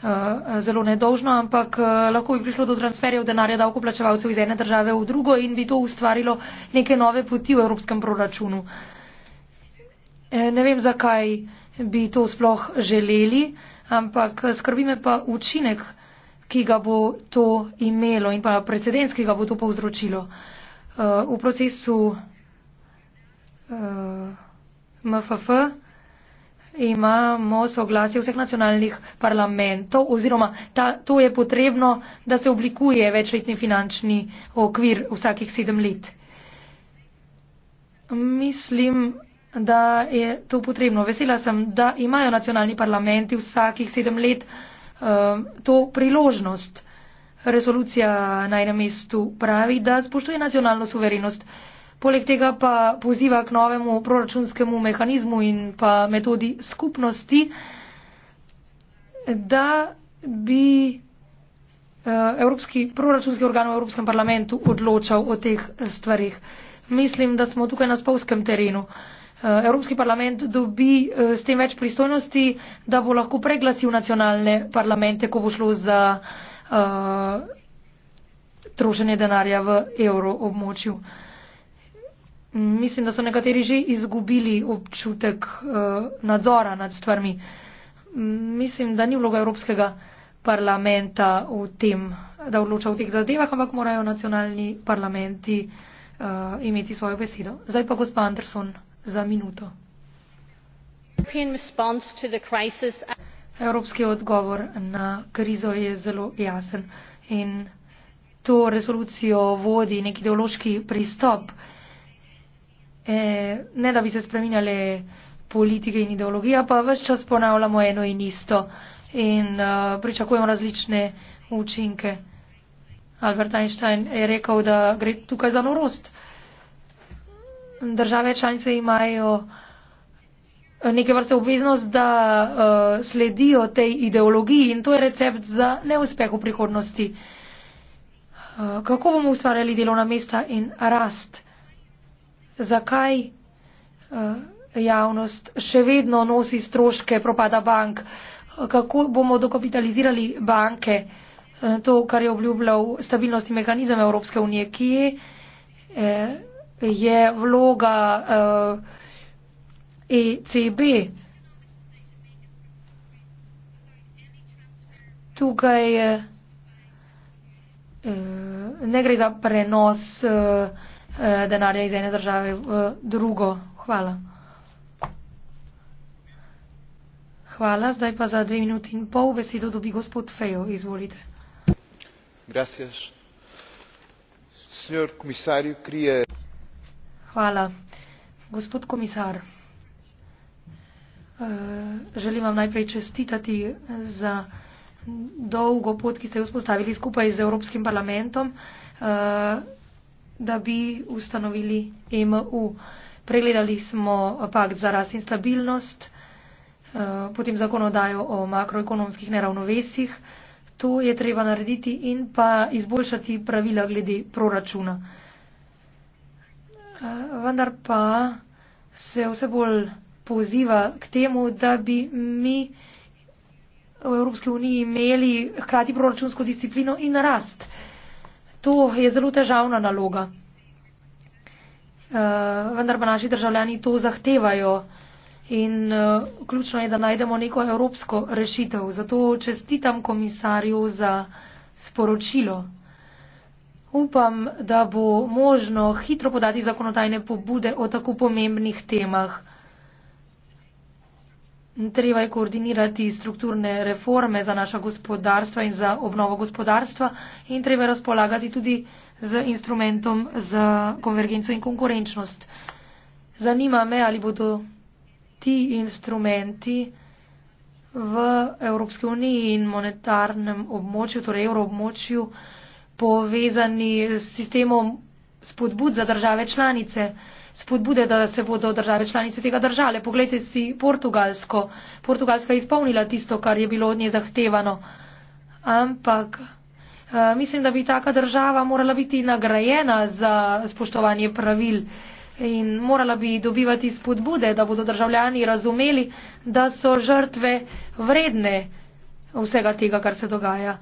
Eh, zelo nedožno, ampak eh, lahko bi prišlo do transferjev denarja davkoplačevalcev iz ene države v drugo in bi to ustvarilo neke nove poti v evropskem proračunu. Eh, ne vem, zakaj bi to sploh želeli, ampak skrbi me pa učinek, ki ga bo to imelo in pa precedens, ki ga bo to povzročilo. V procesu MFF. Uh, imamo soglasje vseh nacionalnih parlamentov oziroma ta, to je potrebno, da se oblikuje večletni finančni okvir vsakih sedem let. Mislim, da je to potrebno. Vesela sem, da imajo nacionalni parlamenti vsakih sedem let uh, to priložnost. Resolucija naj na mestu pravi, da spoštuje nacionalno suverenost. Uh, Poleg tega pa poziva k novemu proračunskemu mehanizmu in pa metodi skupnosti, da bi eh, evropski, proračunski organ v Evropskem parlamentu odločal o teh eh, stvarih. Mislim, da smo tukaj na spolskem terenu. Eh, evropski parlament dobi s tem več pristojnosti, da bo lahko preglasil nacionalne parlamente, ko bo šlo za uh, trošenje denarja v evroobmočju. Uh, Mislim, da so nekateri že izgubili občutek eh, nadzora nad stvarmi. Mislim, da ni vloga Evropskega parlamenta v tem, da odloča v teh zadevah, ampak morajo nacionalni parlamenti uh, imeti svojo besedo. Zdaj pa gospod Anderson za minuto. Evropski odgovor na krizo je zelo jasen in to resolucijo vodi nek ideološki pristop. Uh, eh, ne da bi se spreminjale politike in ideologija, pa vse čas ponavljamo eno in isto in uh, pričakujemo različne učinke. Albert Einstein je rekel, da gre tukaj za norost. Države članice imajo neke vrste obveznost, da uh, sledijo tej ideologiji in to je recept za neuspeh v prihodnosti. Uh, kako bomo ustvarjali delovna mesta in rast? Uh, zakaj eh, javnost še vedno nosi stroške propada bank, kako bomo dokapitalizirali banke, eh, to, kar je obljubljal stabilnosti mehanizem Evropske unije, ki je, eh, je vloga ECB. E Tukaj ne gre za prenos Eh, denarja iz ene države v eh, drugo. Hvala. Hvala. Zdaj pa za dve minuti in pol besedo dobi gospod Fejo. Izvolite. Gracias. Senjor komisarju krije. Hvala. Gospod komisar, eh, želim vam najprej čestitati za dolgo pot, ki ste jo vzpostavili skupaj z Evropskim parlamentom da bi ustanovili EMU. Pregledali smo pakt za rast in stabilnost, eh, potem zakonodajo o makroekonomskih neravnovesjih. To je treba narediti in pa izboljšati pravila glede proračuna. Eh, vendar pa se vse bolj poziva k temu, da bi mi v Evropski uniji imeli hkrati proračunsko disciplino in rast. Uh, To je zelo težavna naloga. Eh, vendar pa naši državljani to zahtevajo in eh, ključno je, da najdemo neko evropsko rešitev. Zato čestitam komisarju za sporočilo. Upam, da bo možno hitro podati zakonodajne pobude o tako pomembnih temah. Treba je koordinirati strukturne reforme za naša gospodarstva in za obnovo gospodarstva in treba je razpolagati tudi z instrumentom za konvergenco in konkurenčnost. Zanima me, ali bodo ti instrumenti v Evropske unije in monetarnem območju, torej evroobmočju, povezani s sistemom spodbud za države članice spodbude, da se bodo države članice tega držale. Poglejte si Portugalsko. Portugalska je izpolnila tisto, kar je bilo od nje zahtevano. Ampak eh, mislim, da bi taka država morala biti nagrajena za spoštovanje pravil in morala bi dobivati spodbude, da bodo državljani razumeli, da so žrtve vredne vsega tega, kar se dogaja.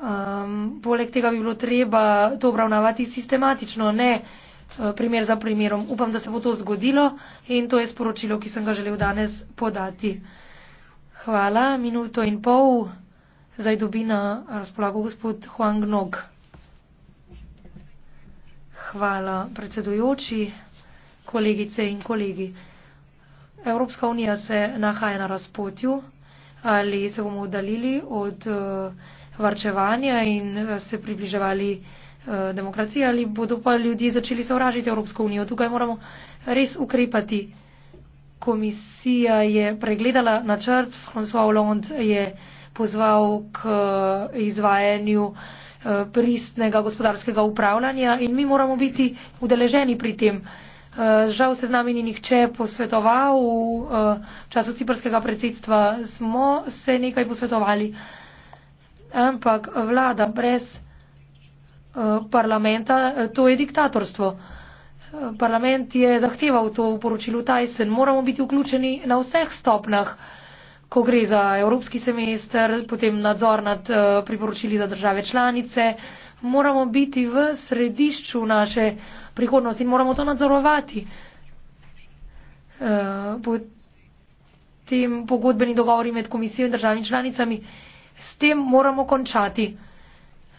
Um, poleg tega bi bilo treba to obravnavati sistematično, ne Eh, primer za primerom. Upam, da se bo to zgodilo in to je sporočilo, ki sem ga želel danes podati. Hvala, minuto in pol. Zdaj dobi na razpolago gospod Juan Gnog. Hvala, predsedujoči, kolegice in kolegi. Evropska unija se nahaja na razpotju ali se bomo oddalili od eh, varčevanja in eh, se približevali Eh, demokracije ali bodo pa ljudje začeli sovražiti Evropsko unijo. Tukaj moramo res ukrepati. Komisija je pregledala načrt, François Hollande je pozval k eh, izvajanju eh, pristnega gospodarskega upravljanja in mi moramo biti udeleženi pri tem. Žal se z nami ni nihče posvetoval, v času ciprskega predsedstva smo se nekaj posvetovali, ampak vlada brez parlamenta, eh, to je diktatorstvo. Eh, parlament je zahteval to v poročilu Tyson. Moramo biti vključeni na vseh stopnah, ko gre za evropski semester, potem nadzor nad eh, priporočili za države članice. Moramo biti v središču naše prihodnosti in moramo to nadzorovati. Potem pogodbeni dogovori med komisijo in državnimi članicami. S tem moramo končati.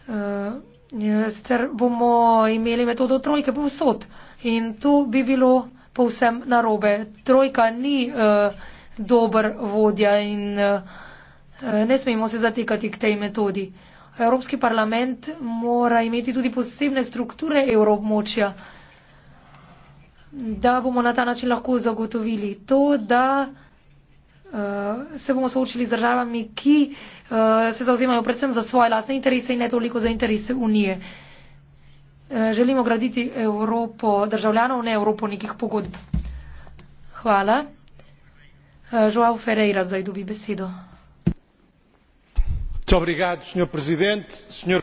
Uh, Ja, sicer bomo imeli metodo trojke povsod in to bi bilo povsem narobe. Trojka ni uh, dober vodja in uh, ne smemo se zatekati k tej metodi. Evropski parlament mora imeti tudi posebne strukture evromočja, da bomo na ta način lahko zagotovili to, da Eh, se bomo soočili z državami, ki eh, se zauzemajo predvsem za svoje lastne interese in ne toliko za interese Unije. Eh, želimo graditi Evropo državljanov, ne Evropo nekih pogodb. Hvala. Joao Ferreira zdaj dobi besedo. Obrigado, senhor presidente. Senhor...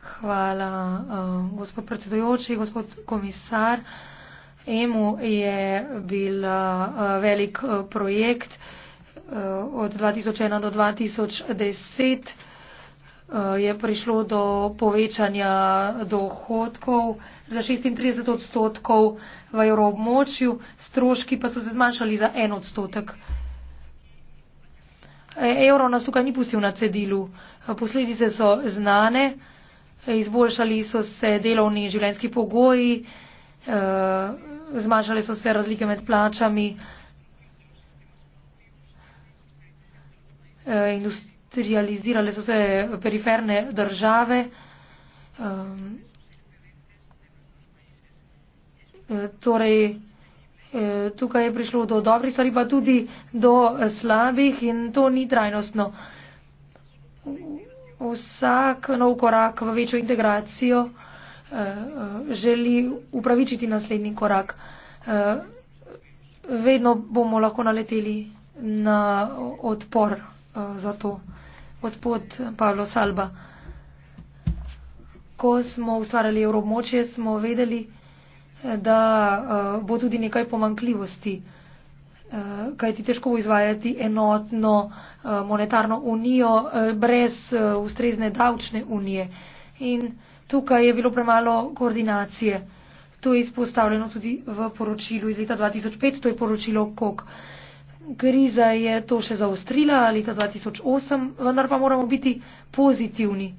Hvala, uh, gospod predsedujoči, gospod komisar. Uh, EMU je bil eh, velik eh, projekt eh, od 2001 do 2010. Je prišlo do povečanja dohodkov za 36 odstotkov v evroobmočju, stroški pa so se zmanjšali za en odstotek. E, evro nas tukaj ni pustil na cedilu. Posledice so znane, izboljšali so se delovni in življenjski pogoji, zmanjšale so se razlike med plačami. Eh, industrializirale so se periferne države, eh, eh, torej tukaj je prišlo do dobrih stvari, pa tudi do slabih in to ni trajnostno. Vsak nov korak v večjo integracijo. Eh, želi upravičiti naslednji korak. Eh, vedno bomo lahko naleteli na odpor eh, za to. Gospod Pavlo Salba, ko smo ustvarjali evromoče, smo vedeli, da bo tudi nekaj pomankljivosti, kaj ti težko izvajati enotno monetarno unijo brez ustrezne davčne unije. In tukaj je bilo premalo koordinacije. To je izpostavljeno tudi v poročilu iz leta 2005, to je poročilo KOK. Kriza je to še zaostrila leta 2008, vendar pa moramo biti pozitivni.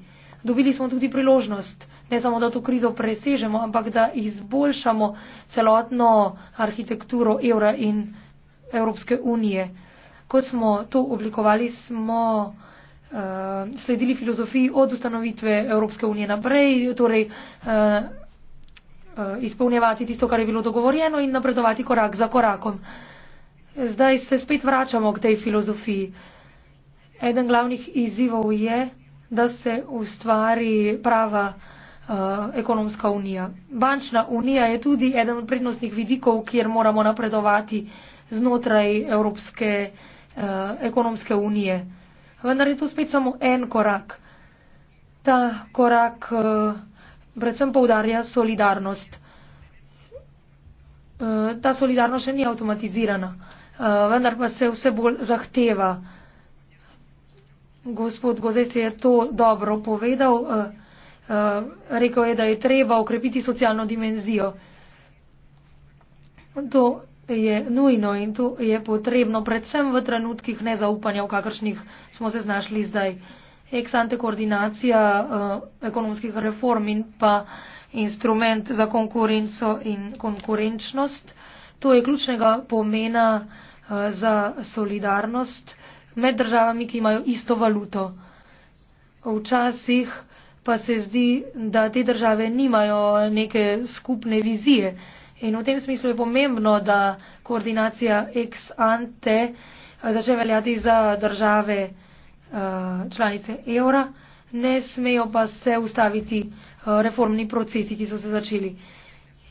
Dobili smo tudi priložnost, ne samo da to krizo presežemo, ampak da izboljšamo celotno arhitekturo evra in Evropske unije. Ko smo to oblikovali, smo uh, sledili filozofiji od ustanovitve Evropske unije naprej, torej uh, uh, izpolnjevati tisto, kar je bilo dogovorjeno in napredovati korak za korakom. Zdaj se spet vračamo k tej filozofiji. Eden glavnih izzivov je, da se ustvari prava uh, ekonomska unija. Bančna unija je tudi eden od prednostnih vidikov, kjer moramo napredovati znotraj Evropske uh, ekonomske unije vendar je to spet samo en korak. Ta korak eh, predvsem povdarja solidarnost. Eh, ta solidarnost še ni avtomatizirana, eh, vendar pa se vse bolj zahteva. Gospod Gozec je to dobro povedal. Rekel je, da je treba ukrepiti socialno dimenzijo. To je nujno in to je potrebno, predvsem v trenutkih nezaupanja, v kakršnih smo se znašli zdaj. Ex ante koordinacija uh, ekonomskih reform in pa instrument za konkurenco in konkurenčnost. To je ključnega pomena uh, za solidarnost med državami, ki imajo isto valuto. Včasih pa se zdi, da te države nimajo neke skupne vizije. In v tem smislu je pomembno, da koordinacija ex ante eh, začne veljati za države eh, članice evra, ne smejo pa se ustaviti eh, reformni procesi, ki so se začeli.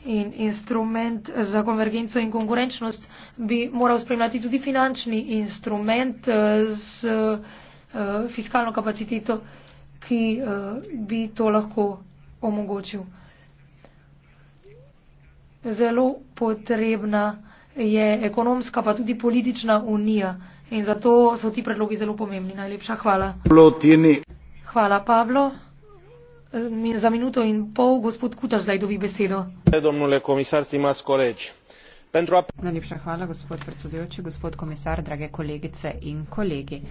In instrument za konvergenco in konkurenčnost bi moral spremljati tudi finančni instrument z fiskalno kapaciteto, ki bi to lahko omogočil zelo potrebna je ekonomska pa tudi politična unija in zato so ti predlogi zelo pomembni. Najlepša hvala. Hvala, Pablo. Za minuto in pol gospod Kutar zdaj dobi besedo. Najlepša hvala, gospod predsedujoči, gospod komisar, drage kolegice in kolegi.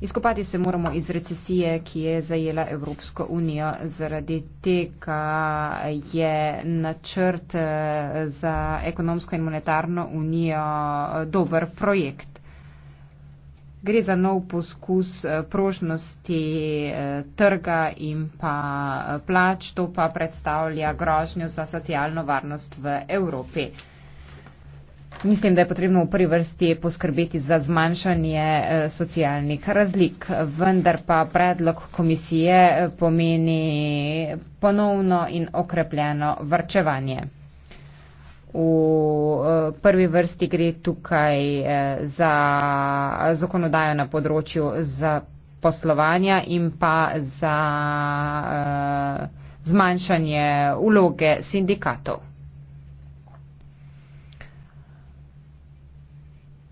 Izkopati se moramo iz recesije, ki je zajela Evropsko unijo zaradi tega je načrt eh, za ekonomsko in monetarno unijo eh, dober projekt. Gre za nov poskus eh, prožnosti trga in pa plač, to pa predstavlja grožnjo za socialno varnost v Evropi. Mislim, da je potrebno v prvi vrsti poskrbeti za zmanjšanje eh, socialnih razlik, vendar pa predlog komisije eh, pomeni ponovno in okrepljeno vrčevanje. V eh, prvi vrsti gre tukaj za zakonodajo na področju za poslovanja in pa za zmanjšanje uloge sindikatov.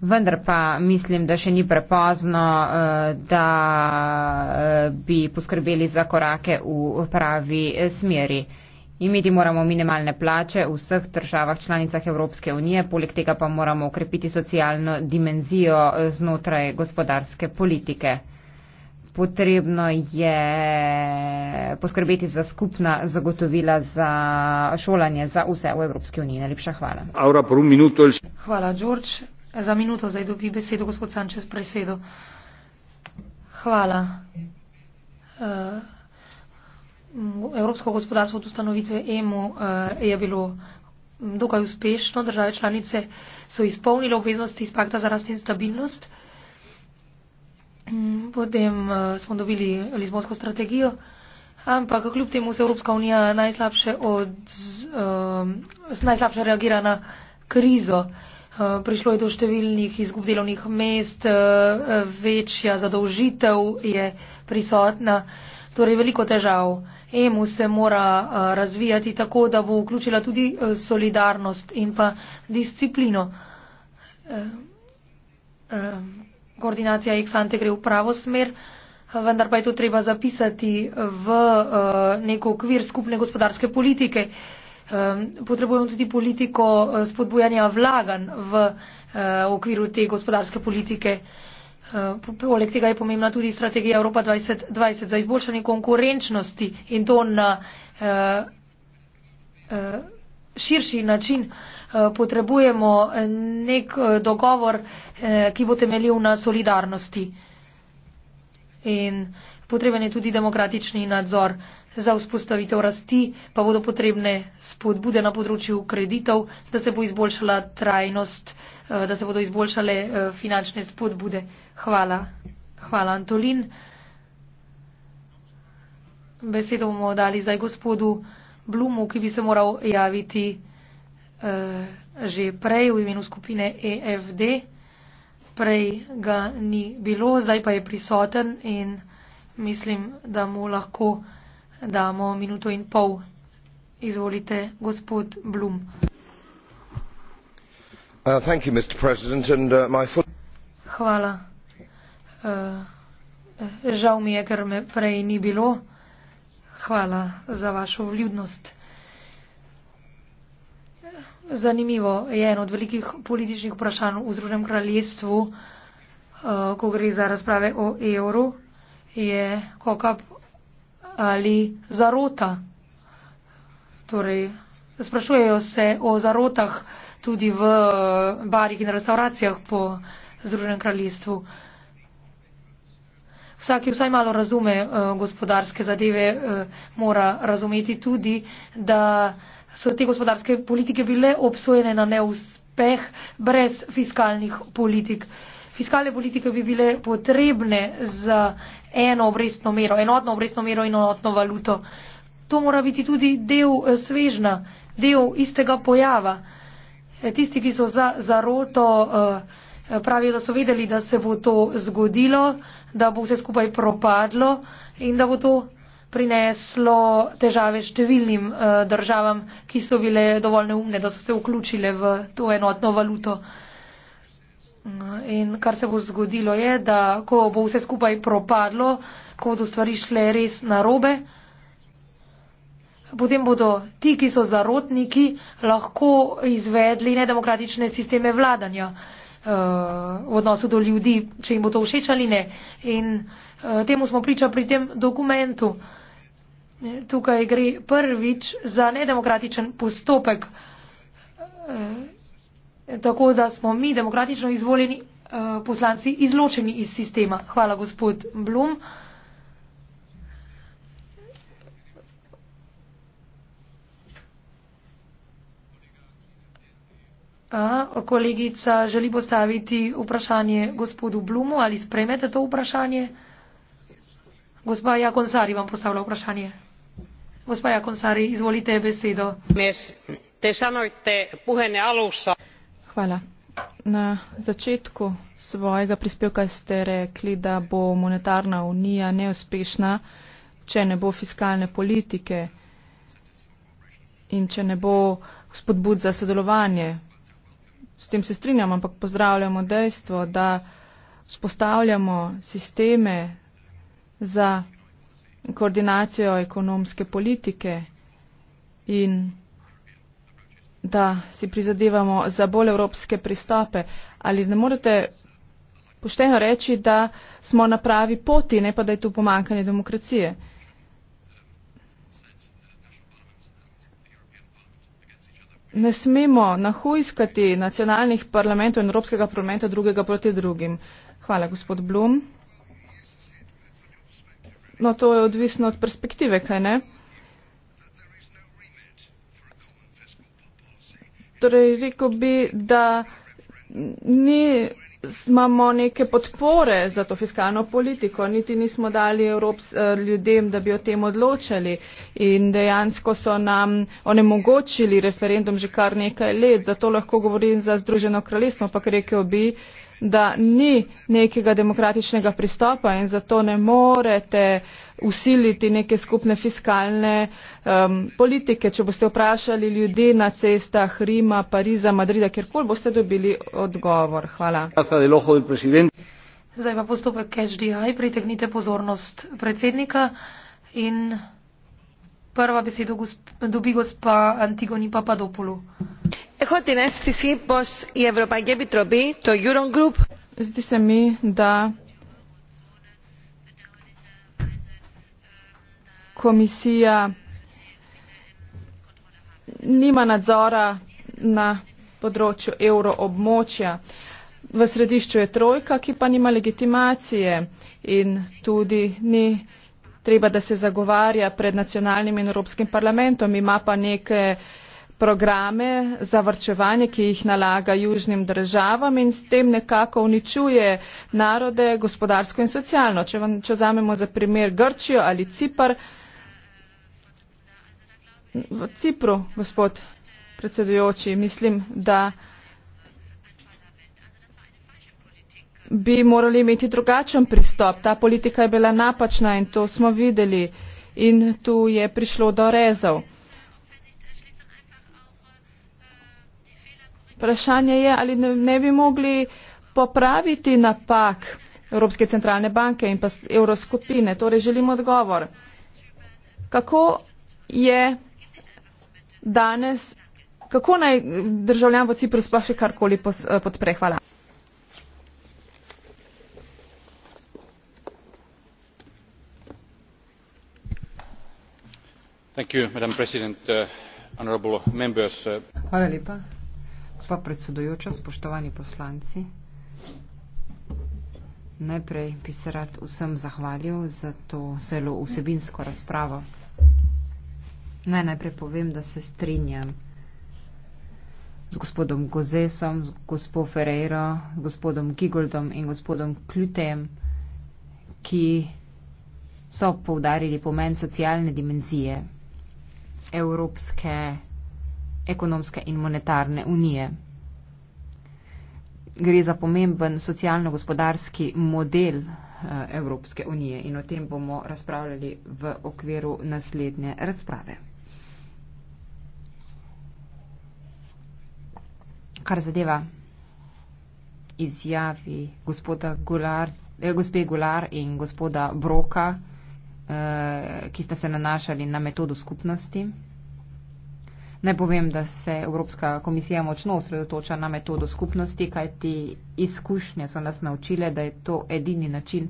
Vendar pa mislim, da še ni prepozno, eh, da eh, bi poskrbeli za korake v pravi eh, smeri. Imeti moramo minimalne plače v vseh državah članicah Evropske unije, poleg tega pa moramo ukrepiti socialno dimenzijo znotraj gospodarske politike. Potrebno je poskrbeti za skupna zagotovila za šolanje za vse v Evropski uniji. Najlepša hvala. Hvala, George. Za minuto zdaj dobi besedo gospod Sančez presedo. Hvala. Eh, evropsko gospodarstvo od ustanovitve EMU eh, je bilo dokaj uspešno. Države članice so izpolnile obveznosti iz pakta za rast in stabilnost. Potem eh, smo dobili Lizbonsko strategijo. Ampak kljub temu se Evropska unija najslabše, od, najslabše reagira na krizo. Eh, prišlo je do številnih izgub delovnih mest, eh, večja zadolžitev je prisotna, torej veliko težav. EMU se mora eh, razvijati tako, da bo vključila tudi solidarnost in pa disciplino. Koordinacija Exante gre v pravo smer, vendar pa je to treba zapisati v nek okvir skupne gospodarske politike potrebujemo tudi politiko eh, spodbujanja vlaganj v eh, okviru te gospodarske politike. Poleg tega je pomembna tudi strategija Evropa 2020 za izboljšanje konkurenčnosti in to na eh, širši način potrebujemo nek dogovor, ki bo temeljil na solidarnosti. In potreben je tudi demokratični nadzor. Za vzpostavitev rasti pa bodo potrebne spodbude na področju kreditov, da se bo izboljšala trajnost, eh, da se bodo izboljšale eh, finančne spodbude. Hvala. Hvala, Antolin. Besedo bomo dali zdaj gospodu Blumu, ki bi se moral javiti eh, že prej v imenu skupine EFD. Prej ga ni bilo, zdaj pa je prisoten in mislim, da mu lahko vsega damo minuto in pol. Izvolite, gospod Blum. Uh, you, and, uh, Hvala. Uh, žal mi je, ker me prej ni bilo. Hvala za vašo vljudnost. Zanimivo je eno od velikih političnih vprašanj v Združenem kraljestvu, uh, ko gre za razprave o evru, je, ko kap ali zarota. Torej, sprašujejo se o zarotah tudi v eh, barih in restauracijah po Združenem kraljestvu. Vsak, ki vsaj malo razume eh, gospodarske zadeve, eh, mora razumeti tudi, da so te gospodarske politike bile obsojene na neuspeh brez fiskalnih politik fiskalne politike bi bile potrebne za eno obrestno mero, enotno obrestno mero in enotno valuto. To mora biti tudi del eh, svežna, del istega pojava. Eh, tisti, ki so za zaroto, eh, pravijo, da so vedeli, da se bo to zgodilo, da bo vse skupaj propadlo in da bo to prineslo težave številnim državam, ki so bile dovolj neumne, da so se vključile v to enotno valuto. No, in kar se bo zgodilo je, da ko bo vse skupaj propadlo, ko bodo stvari šle res narobe, potem bodo ti, ki so zarotniki, lahko izvedli nedemokratične sisteme vladanja uh, v odnosu do ljudi, če jim bo to všeč ali ne. In uh, temu smo priča pri tem dokumentu. Tukaj gre prvič za nedemokratičen postopek. Uh, tako da smo mi demokratično izvoljeni eh, poslanci izločeni iz sistema. Hvala gospod Blum. Pa, kolegica želi postaviti vprašanje gospodu Blumu, ali spremete to vprašanje? Gospa Jakonsari vam postavlja vprašanje. Gospa Jakonsari, izvolite besedo. Te sanojte puhene alusa. Hvala. Na začetku svojega prispevka ste rekli, da bo monetarna unija neuspešna, če ne bo fiskalne politike in če ne bo spodbud za sodelovanje. S tem se strinjam, ampak pozdravljamo dejstvo, da spostavljamo sisteme za koordinacijo ekonomske politike in da si prizadevamo za bolj evropske pristope. Ali ne morete pošteno reči, da smo na pravi poti, ne pa da je tu pomankanje demokracije? Ne smemo nahujskati nacionalnih parlamentov in Evropskega parlamenta drugega proti drugim. Hvala, gospod Blum. No, to je odvisno od perspektive, kaj ne? Torej, rekel bi, da ni imamo neke podpore za to fiskalno politiko, niti nismo dali Evrops, eh, ljudem, da bi o tem odločali. In dejansko so nam onemogočili referendum že kar nekaj let, zato lahko govorim za Združeno kraljestvo, ampak rekel bi, da ni nekega demokratičnega pristopa in zato ne morete usiliti neke skupne fiskalne um, politike. Če boste vprašali ljudi na cestah Rima, Pariza, Madrida, kjerkoli boste dobili odgovor. Hvala. Zdaj pa postopek HDI, pritegnite pozornost predsednika in prva beseda dobi gospa Antigoni Papadopoulou. Έχω την αίσθηση πω η Ευρωπαϊκή Επιτροπή, το Eurogroup. Ζήτησε μη τα. Κομισία. Νίμα να τζόρα να ποδρότσιο ευρώ ομότσια. Βασιλετήσιο ετρόικα και πανίμα λεγιτιμάτσιε. Είναι τούτη νη. Ni treba, da se zagovarja pred nacionalnim in evropskim parlamentom, ima pa neke programe za vrčevanje, ki jih nalaga južnim državam in s tem nekako uničuje narode gospodarsko in socialno. Če, vam, če vzamemo za primer Grčijo ali Cipr, v Cipru, gospod predsedujoči, mislim, da bi morali imeti drugačen pristop. Ta politika je bila napačna in to smo videli in tu je prišlo do rezov. Vprašanje je, ali ne, ne bi mogli popraviti napak Evropske centralne banke in pa evroskupine. Torej želim odgovor. Kako je danes, kako naj državljan v Cipru sploh še karkoli podpre? Hvala. Uh, uh, gospa predsedujoča spoštovani poslanci najprej bi se rad vsem zahvalil za to zelo vsebinsko razpravo ne najprej povem da sem se strinjal z gospodom kanclerjem merklom ko je rekel da je treba evropo razviti na način da bo evropa Naj najprej povem, da se strinjam z gospodom Gozesom, z gospod Ferreiro, z gospodom Gigoldom in gospodom Klutem, ki so poudarili pomen socialne dimenzije Evropske ekonomske in monetarne unije. Gre za pomemben socialno-gospodarski model eh, Evropske unije in o tem bomo razpravljali v okviru naslednje razprave. Kar zadeva izjavi gospoda Gular, eh, gospe Gular in gospoda Broka, Eh, ki sta se nanašali na metodo skupnosti. Naj povem, da se Evropska komisija močno osredotoča na metodo skupnosti, kajti izkušnje so nas naučile, da je to edini način,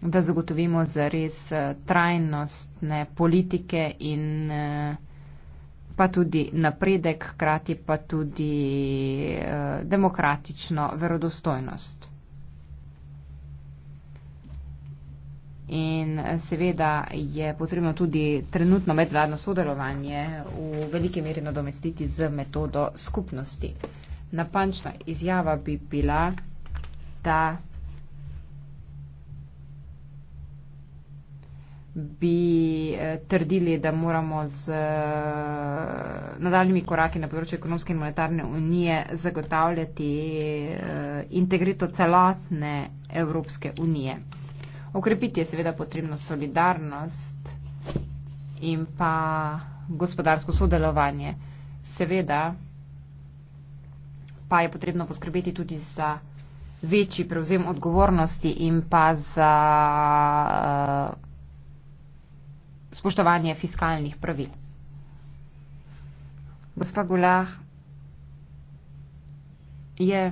da zagotovimo zares eh, trajnostne politike in eh, pa tudi napredek, krati pa tudi demokratično verodostojnost. In seveda je potrebno tudi trenutno medvladno sodelovanje v veliki meri nadomestiti z metodo skupnosti. Napančna izjava bi bila, da bi eh, trdili, da moramo z eh, nadaljnimi koraki na področju ekonomske in monetarne unije zagotavljati eh, integriteto celotne Evropske unije. Okrepiti je seveda potrebno solidarnost in pa gospodarsko sodelovanje. Seveda pa je potrebno poskrbeti tudi za večji prevzem odgovornosti in pa za uh, spoštovanje fiskalnih pravil. Gospa Gulah je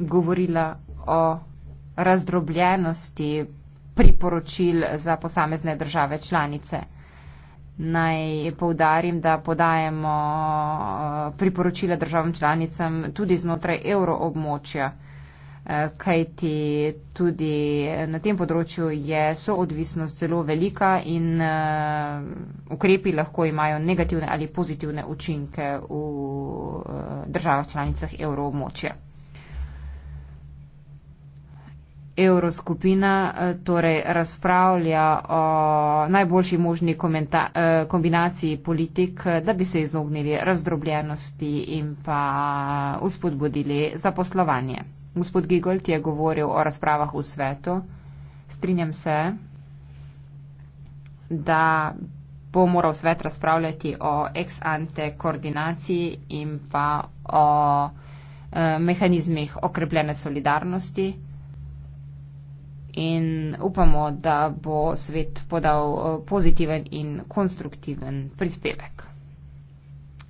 govorila o razdrobljenosti priporočil za posamezne države članice. Naj povdarim, da podajemo eh, priporočila državam članicam tudi znotraj evroobmočja, eh, kajti tudi na tem področju je soodvisnost zelo velika in eh, ukrepi lahko imajo negativne ali pozitivne učinke v državah članicah evroobmočja. Evroskupina eh, torej razpravlja o najboljši možni eh, kombinaciji politik, eh, da bi se izognili razdrobljenosti in pa uspodbudili zaposlovanje. Gospod Gigolt je govoril o razpravah v svetu. Strinjam se, da bo moral svet razpravljati o ex ante koordinaciji in pa o mehanizmih okrepljene solidarnosti in upamo, da bo svet podal eh, pozitiven in konstruktiven prispevek.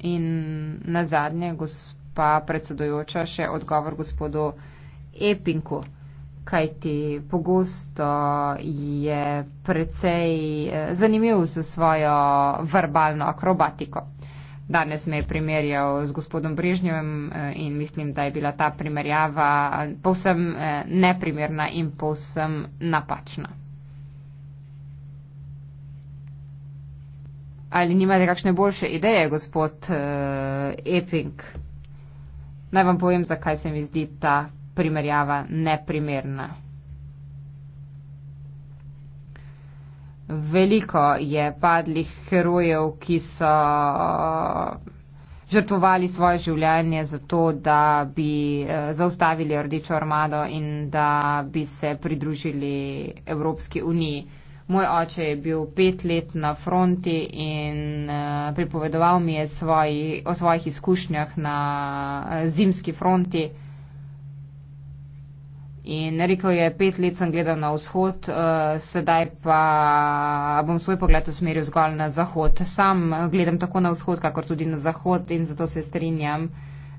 In na zadnje, gospa predsedojoča, še odgovor gospodu Epinku, kajti pogosto je precej eh, zanimiv s svojo verbalno akrobatiko. Danes me je primerjal z gospodom Brežnjem eh, in mislim, da je bila ta primerjava eh, povsem eh, neprimerna in povsem napačna. Ali nimate kakšne boljše ideje, gospod Eping? Naj vam povem, zakaj se mi zdi ta primerjava neprimerna. veliko je padlih herojev, ki so žrtvovali svoje življenje za to, da bi eh, zaustavili Rdečo armado in da bi se pridružili Evropski uniji. Moj oče je bil pet let na fronti in eh, pripovedoval mi je svoji, o svojih izkušnjah na eh, zimski fronti. In rekel je, pet let sem gledal na vzhod, uh, sedaj pa bom svoj pogled usmeril zgolj na zahod. Sam gledam tako na vzhod, kakor tudi na zahod in zato se strinjam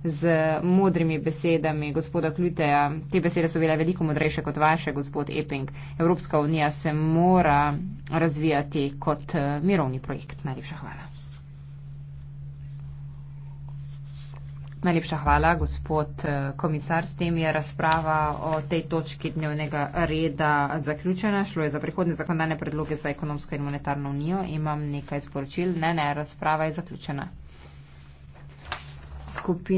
z modrimi besedami gospoda Kluteja. Te besede so bile veliko modrejše kot vaše, gospod Epping. Evropska unija se mora razvijati kot eh, mirovni projekt. Najlepša hvala. Najlepša hvala, gospod eh, komisar. S tem je razprava o tej točki dnevnega reda zaključena. Šlo je za prihodne zakonodajne predloge za ekonomsko in monetarno unijo. Imam nekaj sporočil. Ne, ne, razprava je zaključena. Skupina